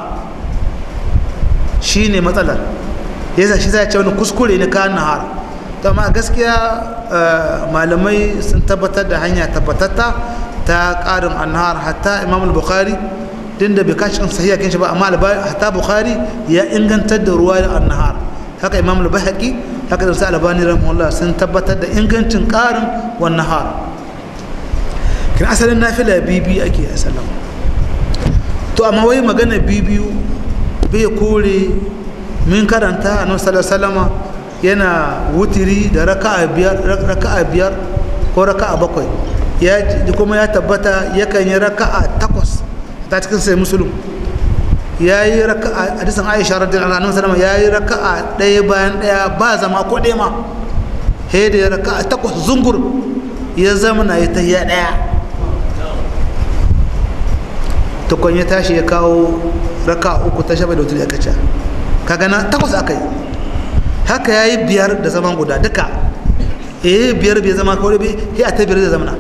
ne matsalar yasa shi zai ce wannan kuskure ne karin nahar to amma gaskiya Eh, malamai sun tabbatar da hanya tabbatatta ta karin annahar hatta imam bukhari din da bai kashi kan sahiya kin shi ba amma hatta bukhari ya ingantar da ruwa da annahar haka imam al-bahaqi haka da sai albani rahimahullah sun tabbatar da ingancin karin wannan har kin asalin nafila bibi ake asalin to amma wai magana bibiyu bai kore min karanta annabi sallallahu alaihi yana wutiri da raka'a biyar biyar ko raka'a bakwai ya kuma ya tabbata yakan yi raka'a takwas ta cikin sai musulun ya yi raka'a hadisin aisha radin anha salama ya yi raka'a ɗaya bayan ɗaya ba zama ko ɗaya ma he da ya raka'a takwas zungur ya zama na yi tahiya ɗaya tukun ya tashi ya kawo raka'a uku ta shafa da wutar ya kaca kaga na takwas yi haka ya yi biyar da zaman guda duka eh biyar bai zama kawai bai ya ta biyar da zamana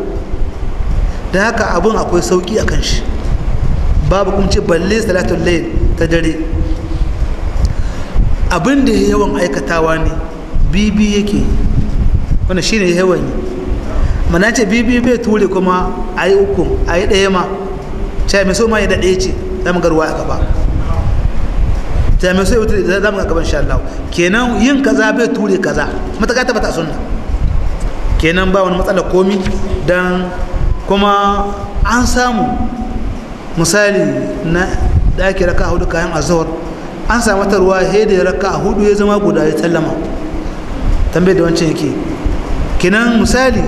da haka abun akwai sauki a kan shi babu kuma ce balle salatun layin ta dare abin da yawan aikatawa ne bibi yake wanda shi ne yawan yi mana ce bibi bai ture kuma a yi ukun a yi ɗaya ma cewa mai so ma ya daɗe ce zama garwa aka ba jami'ai sai za mu gaban sha Allah kenan yin kaza bai ture kaza mataka ta bata sunna kenan ba wani matsala komi dan kuma an samu misali na daki raka hudu kayan azhar an samu ta ruwa he da raka hudu ya zama guda ya tallama tambayar da wancan yake kenan misali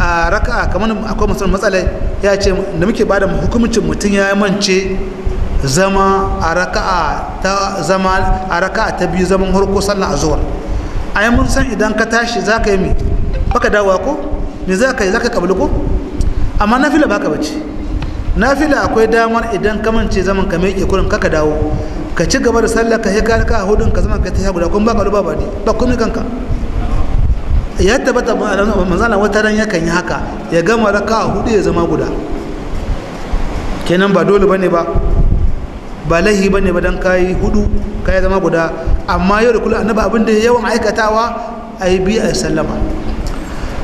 a raka kamar akwai matsala ya ce da muke bada hukumcin mutum ya mance zama a raka'a ta zama a raka'a ta biyu zaman harko sallah azuwar ai mun san idan ka tashi za ka yi mi baka dawo ko me za ka yi za ka kabli ko amma nafila baka bace nafila akwai damar idan ka mance zaman ka miƙe kurin ka dawo ka ci gaba da sallah ka hekar ka hudun ka zama ka ta guda kun baka ruba badi ba kun kanka ya tabbata manzana wata ran yakan yi haka ya gama raka'a hudu ya zama guda kenan ba dole bane ba ba laihi ne ba don dan kai hudu yi zama guda amma yau da kullum annabi abinda ya yawan aikatawa ai bi ai sallama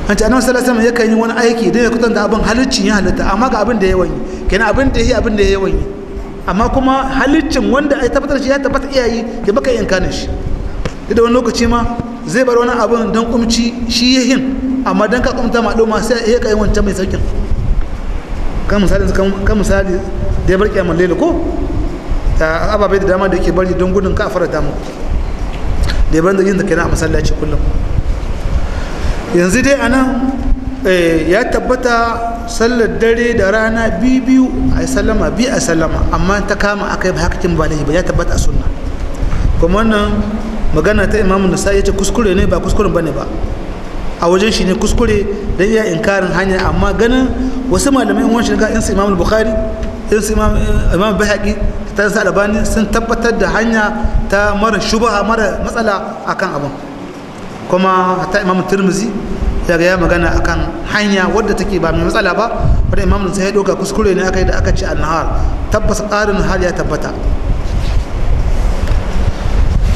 an ce annabi ya alaihi yi wani aiki don ya kutanta abin halicci ya halitta amma ga abin da yawan wani kenan abin da yayi abin da ya yi amma kuma haliccin wanda ai tabbatar shi ya tabbata iyayi da baka yin kanin shi da wani lokaci ma zai bar wani abin dan kumci shi ya yin amma don ka kumta ma doma sai ya kai wancan mai saukin kan misali kan misali da ya bar kiyamar laila ko da ababai da dama da yake bari don gudun ka fara damu da ya da yin da kenan a masallaci kullum yanzu dai a nan eh, ya tabbata sallar dare da rana biyu a yi sallama biyu a sallama amma ta kama aka yi hakakin ba ba ya tabbata a sunna kuma wannan magana ta imamu nasa ya ce kuskure ne ba kuskuren bane ba a wajen shi ne kuskure don iya inkarin hanya amma ganin wasu malamai wancan ga in su imamu bukhari in su imamu eh, bahaki ta albani sun tabbatar da hanya ta mara shubaha mara matsala akan abin kuma ta imam turmuzi ya ga ya magana akan hanya wadda take ba mai matsala ba wadda imam sai ya doka kuskure ne aka yi da aka ce annahar tabbas ƙarin hal ya tabbata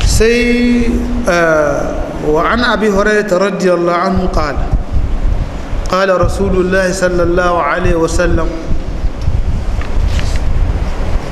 sai eh, wa an abi ta radiyallahu anhu qala qala rasulullahi sallallahu alaihi wasallam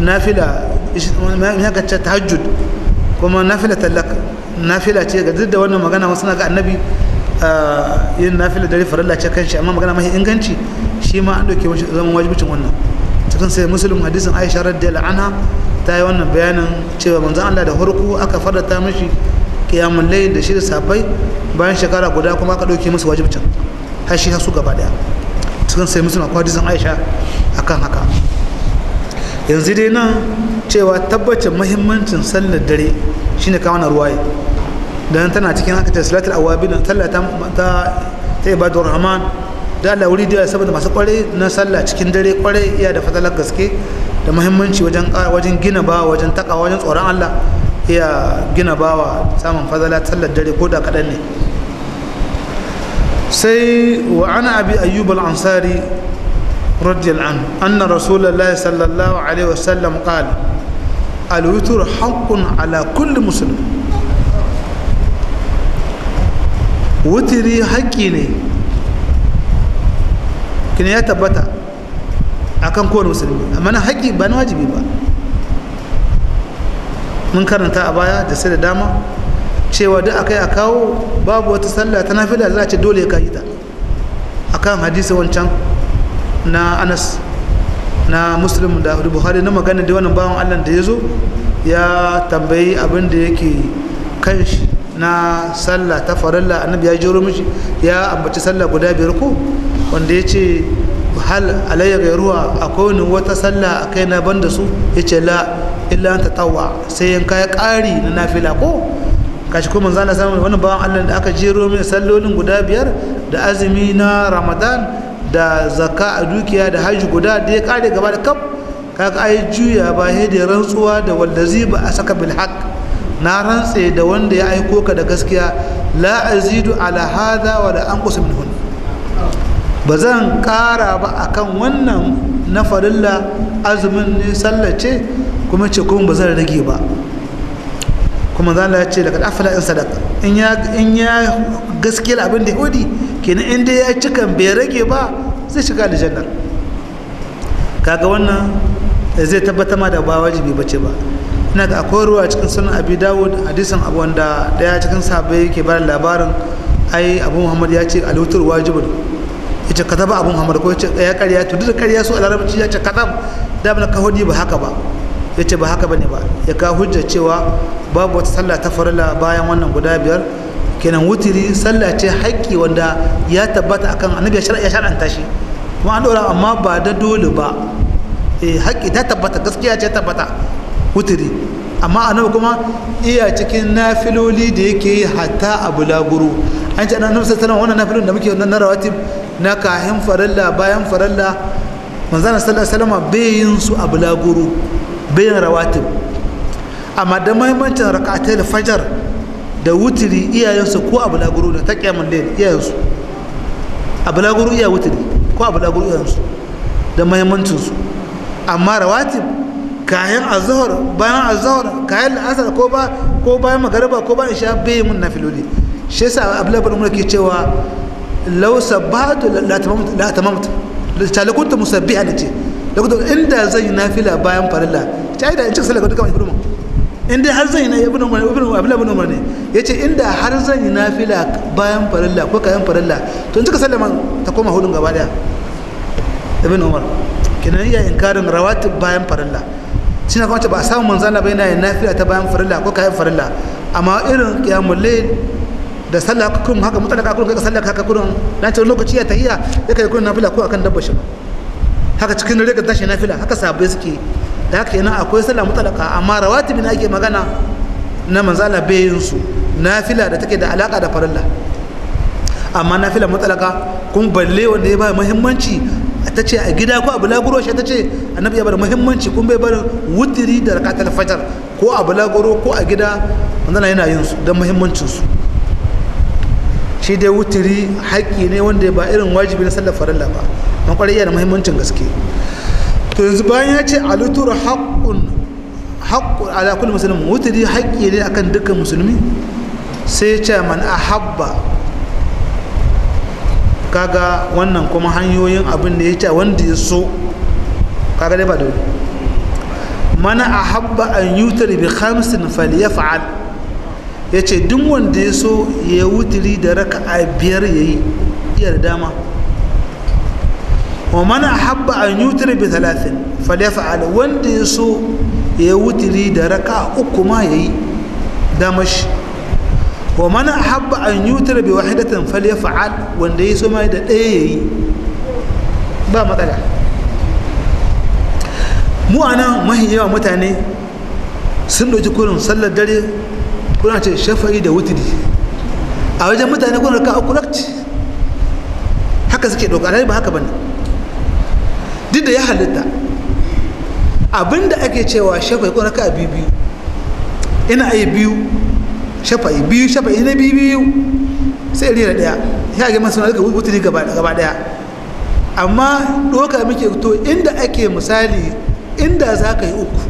nafila haka ta tahajjud kuma nafila tallaka nafila ce ga duk da wannan magana wasu na ga annabi ah, yin nafila dare farilla ce kanshi amma magana mahi inganci shi ma an dauke mashi zaman wajibicin wannan cikin sai musulun hadisin aisha radiyallahu anha ta yi wannan bayanin cewa manzon Allah da harko aka farata mashi kiyamun lai da shi da safai bayan shekara guda kuma aka dauke musu wajibcin har shi har su gaba daya cikin sai musulun akwai hadisin aisha akan haka yanzu dai nan cewa tabbacin mahimmancin sallar dare shine kawana na ruwaye don tana cikin haka ta salatul awabin sallah ta ta ibadur rahman da Allah wuri da saboda masu kware na sallah cikin dare kware iya da fatalar gaske da muhimmanci wajen wajen gina bawa wajen taka wajen tsoron Allah iya gina bawa samun fazala sallar dare ko da kadan ne sai wa ana abi ayyub al-ansari رضي الله عنه أن رسول الله صلى الله عليه وسلم قال الوتر حق على كل ne kina ya tabbata akan kowane musulmi amma na haƙƙi ba na wajibi ba mun karanta a baya da sai da dama cewa duk akai a kawo babu wata sallah ta nafila za a ce dole ka yi ta akan hadisi wancan na anas na muslim da buhari na magana da wannan bawan allah da ya zo ya tambayi abin da yake kan shi na sallah ta farilla annabi ya jero mishi ya ambaci sallah guda biyar ko wanda ya ce hal alayya ruwa akwai wani wata sallah a kai na banda su ya ce la illa ta tawa sai yin kaya ƙari na nafila ko kashi kuma zana samun wani bawan allah da aka jero mai sallolin guda biyar da azumi na ramadan da zaka a dukiya da hajji guda da ya kare gaba da kaf kaga ai juya ba da rantsuwa da wallazi ba a saka bil haq na rantse da wanda ya aiko ka da gaskiya la azidu ala hadha wa la anqus minhu ba kara ba akan wannan na farilla azumin ne sallace kuma ce kuma ba zan rage ba kuma za ya ce daga afila in sadaka in ya in gaskiya abin da hudi kenan in dai ya cika bai rage ba zai shiga da aljanna kaga wannan zai tabbata ma da ba wajibi bace ba ina ga akwai ruwa cikin sunan abi dawud hadisin abu wanda daya cikin sabai yake bayar labarin ai abu muhammad ya ce alwutur ya ce kaza ba abu muhammad ko ya karya to duk karya su a larabci ya ce kaza da ban ka hudi ba haka ba ya ce ba haka ba ne ba ya ka hujja cewa babu wata sallah ta farla bayan wannan guda biyar kenan wutiri sallah ce haƙƙi wanda ya tabbata a akan annabi ya shar'anta shi kuma an ɗora amma ba da dole ba eh, haƙƙi ta tabbata gaskiya ce tabbata wutiri amma a annabi kuma iya cikin nafiloli da yake yi hatta a bulaguro an ce annabi sallallahu alaihi wasallam wannan nafilolin da muke na rawatib na kahin farilla bayan farilla manzana sallallahu alaihi bai yin su a bulaguro Bayan rawatin amma da mahimmancin rakatai da fajar da wutiri iyayensu ko abu laguru da ta kyamun da iyayensu abu laguru iya wutiri ko abu laguru iyayensu da mahimmancinsu amma rawatin kayan azahar bayan azahar kayan la'asar ko ba ko bayan magariba ko bayan isha bai mun filoli shi yasa abu laguru umar ke cewa lausa sabbatu la tamamta la tamamta la talakunta musabbiha nace lokuta inda zan yi nafila bayan farilla ta yi da in cika sallah duka mai ibnu in dai har zan yi na ibnu umar ibnu abdullah umar ne yace inda har zan yi nafila bayan farilla ko kayan farilla to in cika sallah man ta koma hudun gaba daya ibn umar kenan iya inkarin rawatib bayan farilla shi kuma ta ba a samu manzan labai na yin nafila ta bayan farilla ko kayan farilla amma irin kiyamul da sallah kun haka mutalaka kurum kai sallah haka kurum dan lokaci ya tahiya ya kai kurum nafila ko akan dabba ba haka cikin dare ga tashi na fila haka sabai suke da haka yana akwai sallah mutalaka amma rawatibin ake magana na manzala bayinsu na fila da take da alaka da farilla amma na fila mutalaka kun balle wanda ya ba muhimmanci ta ce a gida ko a bulaguro shi ta ce annabi ya bar muhimmanci kun bai bar wutiri da rakatul fajar ko a bulaguro ko a gida manzala yana yin su don muhimmancinsu shi dai wutiri haƙƙi ne wanda ba irin wajibi na sallar farilla ba don kwarai yana muhimmancin gaske to yanzu bayan ya ce alutur haƙƙun haƙƙun ala kulli musulmi wuturi haƙƙi ne akan dukkan musulmi sai ya ce man ahabba kaga wannan kuma hanyoyin abin da ya ce wanda ya so kaga dai ba da mana ahabba an yutar bi khamsin ya yace duk wanda ya so ya wuturi da raka'a biyar yayi iya da dama wa mana habba an yutir bi talatin falyafa'al wanda ya ya wutiri da raka uku ma yayi damash wa mana habba an yutir bi wahidatin falyafa'al wanda ya so ma da ɗaya yayi ba matsala mu ana mahi yawa mutane sun ɗauki kurin sallar dare kuna ce shafari da wutiri a wajen mutane kuna raka uku rakci haka suke ɗauka alhali ba haka bane duk da ya halitta abinda ake cewa shafa'i ko raka biyu biyu ina ayi biyu shafa'i biyu shafa'i na biyu biyu sai rira daya ya ga masu daga wuturi gaba daya amma doka muke to inda ake misali inda za ka yi uku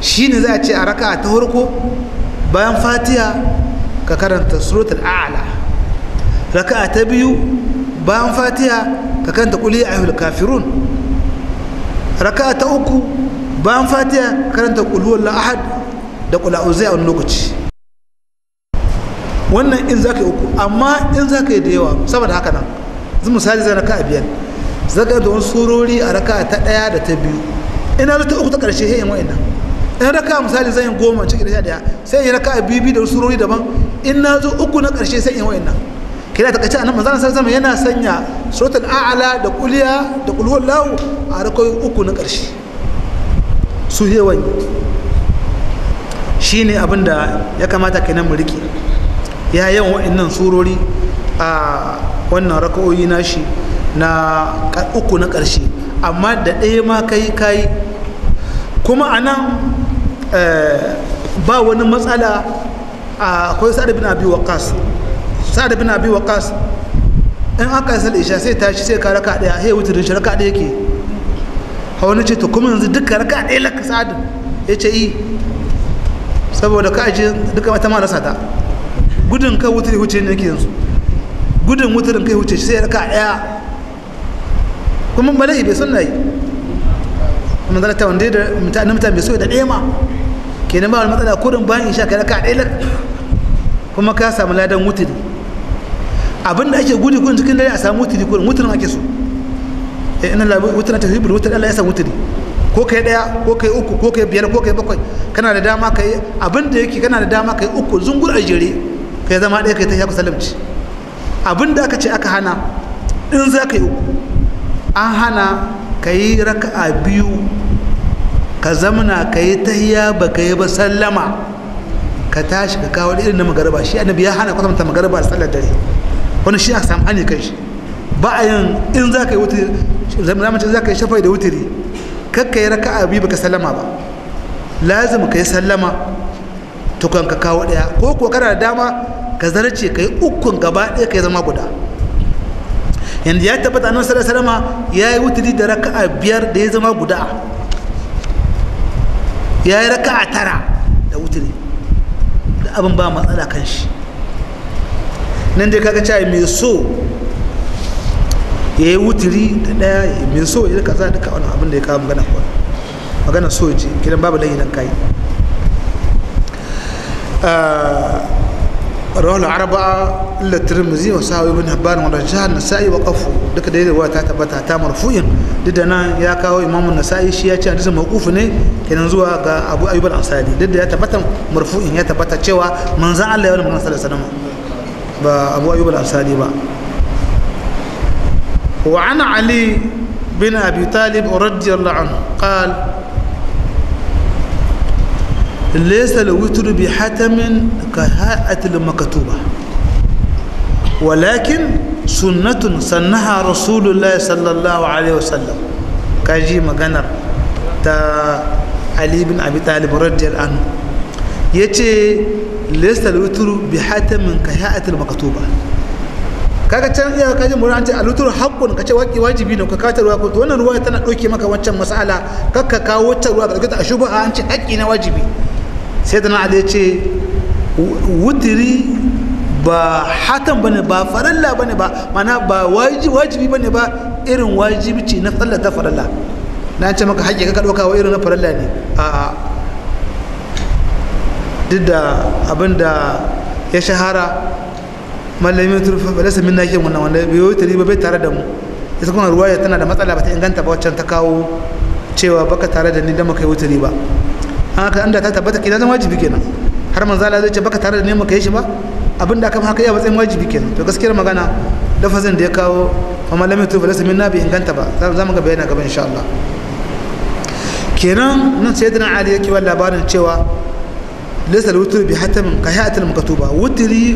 shine za a ce a raka ta farko bayan fatiha ka karanta suratul a'la raka ta biyu bayan fatiha ka karanta qul ya kafirun raka ta uku bayan fatiha karanta ƙulwar la'ahad da ƙula'uzai a wani lokaci wannan in za ka yi uku amma in za ka yi da yawa saboda haka nan zai misali zai raka a biyar zaga da wani surori a raka ta ɗaya da ta biyu ina da ta uku ta ƙarshe he in wa'ina in raka misali zan yi goma cikin da ɗaya sai in raka a biyu biyu da surori daban in na zo uku na ƙarshe sai in wa'ina kira takaice annabi manzon sallallahu alaihi yana sanya suratul a'la da kuliya da qul huwallahu a rakoyi uku na karshe su yawan shine abin da ya kamata nan mu rike ya yawan wa'annan surori a wannan rakoyi nashi na uku na karshe amma da ɗaya ma kai kai kuma anan eh, ba wani matsala akwai sa'ad ibn abi waqas sa'ad bin abi waqas in aka sai isha sai tashi sai ka raka daya sai wutar shi raka daya ke wani ce to kuma yanzu duka raka daya laka sa'ad ya ce yi saboda ka ji duka mata marasa ta gudun kai wutar huce ne yake yanzu gudun wutar kai huce sai raka daya kuma malai bai sunna yi kuma zala ta wanda da mutane mutane bai so da ɗaya ma kenan ba wani matsala kurin bayan isha kai raka daya laka kuma ka samu ladan wutari abin da ake gudu kun cikin dare a samu wutiri ko wutirin ake so eh ina labu wutar ta hibir wutar Allah ya sa wutiri ko kai daya ko kai uku ko kai biyar ko kai bakwai kana da dama kai abin da yake kana da dama kai uku zungur a jere kai zama daya kai ta ya ku salamci abin da aka ce aka hana in za ka yi uku an hana ka yi raka'a biyu ka zamana ka yi tahiya ba ka yi ba sallama ka tashi ka kawo irin na magaraba shi annabi ya hana kwatanta magaraba da sallar dare wani shi aka samu hanyar kai shi ba a yin in za ka yi wuturi zamanci za ka yi shafai da wuturi kakka yi raka abu biyu baka sallama ba lazim ka yi sallama tukun ka kawo ɗaya ko kuwa kana da dama ka zarce ka yi ukun gaba ɗaya ka yi zama guda yanda ya tabbata nan sallallahu alaihi ya yi wuturi da raka a biyar da ya zama guda ya yi raka a tara da wuturi da abin ba matsala kan shi nan dai kaga cewa mai so ya yi wutiri da ɗaya mai so ya kaza duka wani abin da ya kawo magana kuwa magana so ya ce gidan babu layi nan kayi ah, rawar arba'a illa tirmizi wa sahawi ibn habban wa rajahan nasa'i wa qafu duka dai ruwa ta tabbata ta marfu'in duk da nan ya kawo imamun nasa'i shi ya ce hadisin mawqufu ne kenan zuwa ga abu ayyub al-ansari duk da ya tabbata marfu'in ya tabbata cewa manzon Allah ya wani magana sallallahu alaihi wasallam ba abu ayyub al-asadi ba wa ana ali bin abi talib radiyallahu anhu qal laysa al-witr bi hatamin ka ha'at al-maktuba walakin sunnatun sannaha rasulullah sallallahu alayhi wa sallam kaji maganar ta ali bin abi talib radiyallahu anhu yace laysa al-witru bi hatamin ka ha'atil maktuba kaga can iya kaji mu an ce al haqqun kace waki wajibi ne ka kata ruwa to wannan ruwa tana dauke maka wancan mas'ala kakka kawo wata ruwa daga dauke ta a shubha an ce haƙi na wajibi sai da na ya ce wutiri ba hatan ba ne ba faralla ba ne ba mana ba wajibi ba ne ba irin wajibi ce na tsallata faralla na ce maka haƙƙi ka ɗauka wa irin na faralla ne a'a duk da abin da ya shahara malamin turfa ba lasa minna yin wannan wanda bai yi ba bai tare da mu isa kuma ruwaya tana da matsala ba ta inganta ba waccan ta kawo cewa baka tare da ni da maka yi wutari ba an haka inda ta tabbata kenan zama wajibi kenan har manzo Allah zai ce baka tare da ni maka yi shi ba abin da kan haka ya matsayin wajibi kenan to gaskiyar magana lafazin da ya kawo fa malamin turfa lasa minna bai inganta ba za mu ga bayani gaba insha Allah kenan nan sayyidina Ali yake wa labarin cewa laysa al bi hatam ka hay'atil maktuba wutri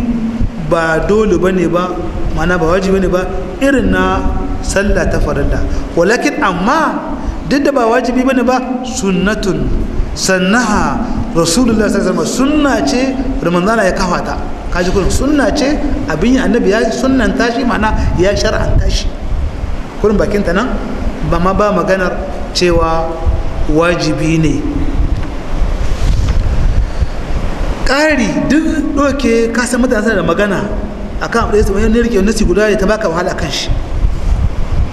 ba dole bane ba mana ba wajibi ne ba irin na sallah ta farilla walakin amma duk da ba wajibi bane ba sunnatun sannaha rasulullahi sallallahu alaihi wasallam sunna ce ramadan ya kafa ta kaji kullum sunna ce abin annabi ya sunnan tashi mana ya shar'an tashi kullum bakin ta nan ba ma ba maganar cewa wajibi ne ƙari duk ɗauke san mutane da magana a kan abu ɗaya tsammanin ne rike nasi guda ya ta baka wahala kan shi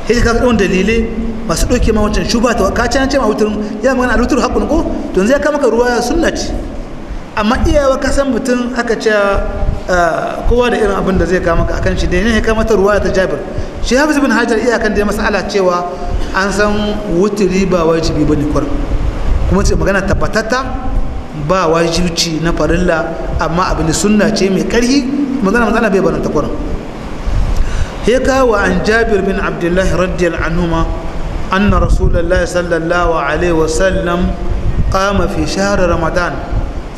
ya ka ɗaukar dalilai masu ɗauke ma wancan shuba ta ka can ce ma wutar ya magana a lutar haƙun ko to zai kama ka ruwa sunna ce amma iyawa san mutum haka ce ah, kowa da irin abin da zai kama ka kan shi da yanayi kama ta ruwa ta jabir shi hafiz bin hajar iyakan da ya ala cewa an san wutar ba wajibi ba ne kwar kuma ce magana tabbatatta ba wajibci na farilla amma abin sunna ce mai karhi magana magana bai baranta kwarin he kawo an jabir bin abdullahi radiyal anhuma anna rasulullahi sallallahu alaihi wasallam qama fi shahr ramadan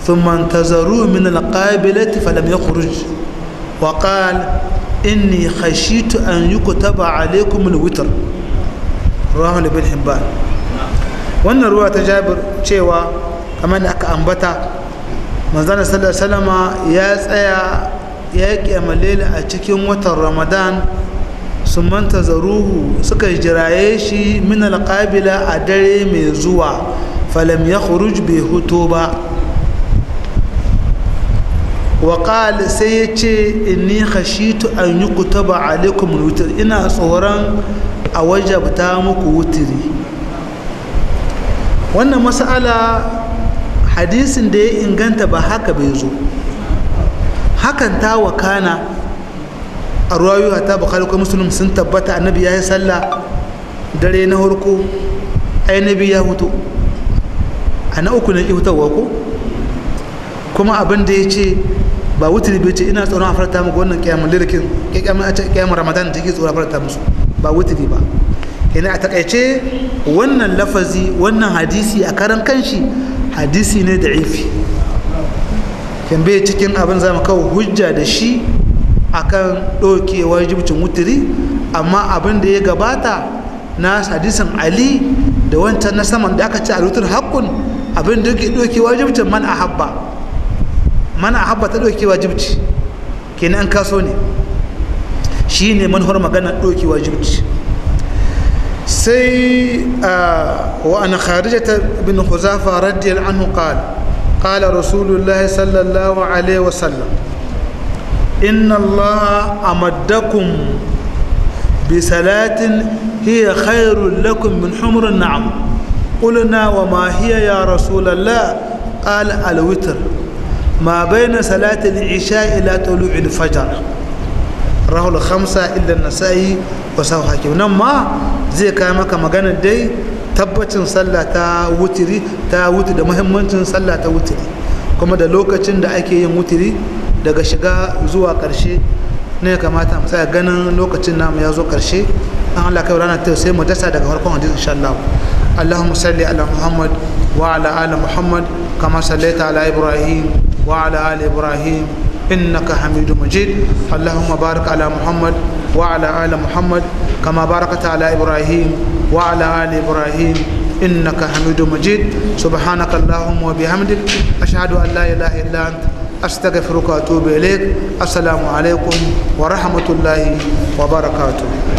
ثم انتظروا من القابلة فلم يخرج وقال إني خشيت أن يكتب عليكم الوتر رواه ابن حبان wannan ruwa ta jabir cewa amma da aka ambata manzana salama ya tsaya ya kyamalele a cikin watan ramadan su manta zaruhu suka jiraye shi min alƙabila a dare mai zuwa falam ya khuruj bai hoto ba waƙal sai ya ce inni hashitu an yi kutaba alaikum wutar ina tsoron a wajabta muku wutiri wannan mas'ala hadisin da ya inganta ba haka bai zo hakan ta wakana a ruwayoyi ta bukali kuma musulun sun tabbata annabi ya yi sallah dare na harko ainihi ya hutu a na uku na ihutarwa ko kuma abin da ya ce ba wutar bai ce ina tsoron a farta muku wannan kyamun lirikin kyamun ramadan da ke tsoron a farta musu ba wutar ba yana a takaice wannan lafazi wannan hadisi a karan kanshi hadisi ne da ifi kan bai cikin abin zama kawo hujja da shi akan ɗauke wajibcin wuturi amma abin da ya gabata na hadisin ali da wancan na saman da aka ci a rutun haƙƙun abin da ke ɗauke wajibcin man a habba man a habba ta ɗauke wajibci kenan an kaso ne shi ne manhar maganar ɗauke wajibci sai wa an kharijata ibn huzafa radiyallahu anhu qal qala rasulullah sallallahu alaihi wa sallam inna allaha amaddakum bi salatin hiya khairun lakum min humr an'am qulna wa ma hiya ya rasu qal al witr ma bayna salati al isha ila tulu al fajr rahul khamsa illa na nasai wasahu hakim nan ma zai kawo maka magana dai tabbacin sallah ta wutiri ta wuti da muhimmancin sallah ta wutiri kuma da lokacin da ake yin wutiri daga shiga zuwa karshe ne kamata mu tsaya ganin lokacin namu ya zo karshe an Allah kai ranar ta sai mu dasa daga farkon hadisi insha Allah ala Muhammad wa ala ali Muhammad kama sallaita ala Ibrahim wa ala ali Ibrahim innaka حميد Majid Allahumma barik ala muhammad. وعلى آل محمد كما باركت على إبراهيم وعلى آل إبراهيم إنك حميد مجيد سبحانك اللهم وبحمدك أشهد أن لا إله إلا أنت أستغفرك وأتوب إليك السلام عليكم ورحمة الله وبركاته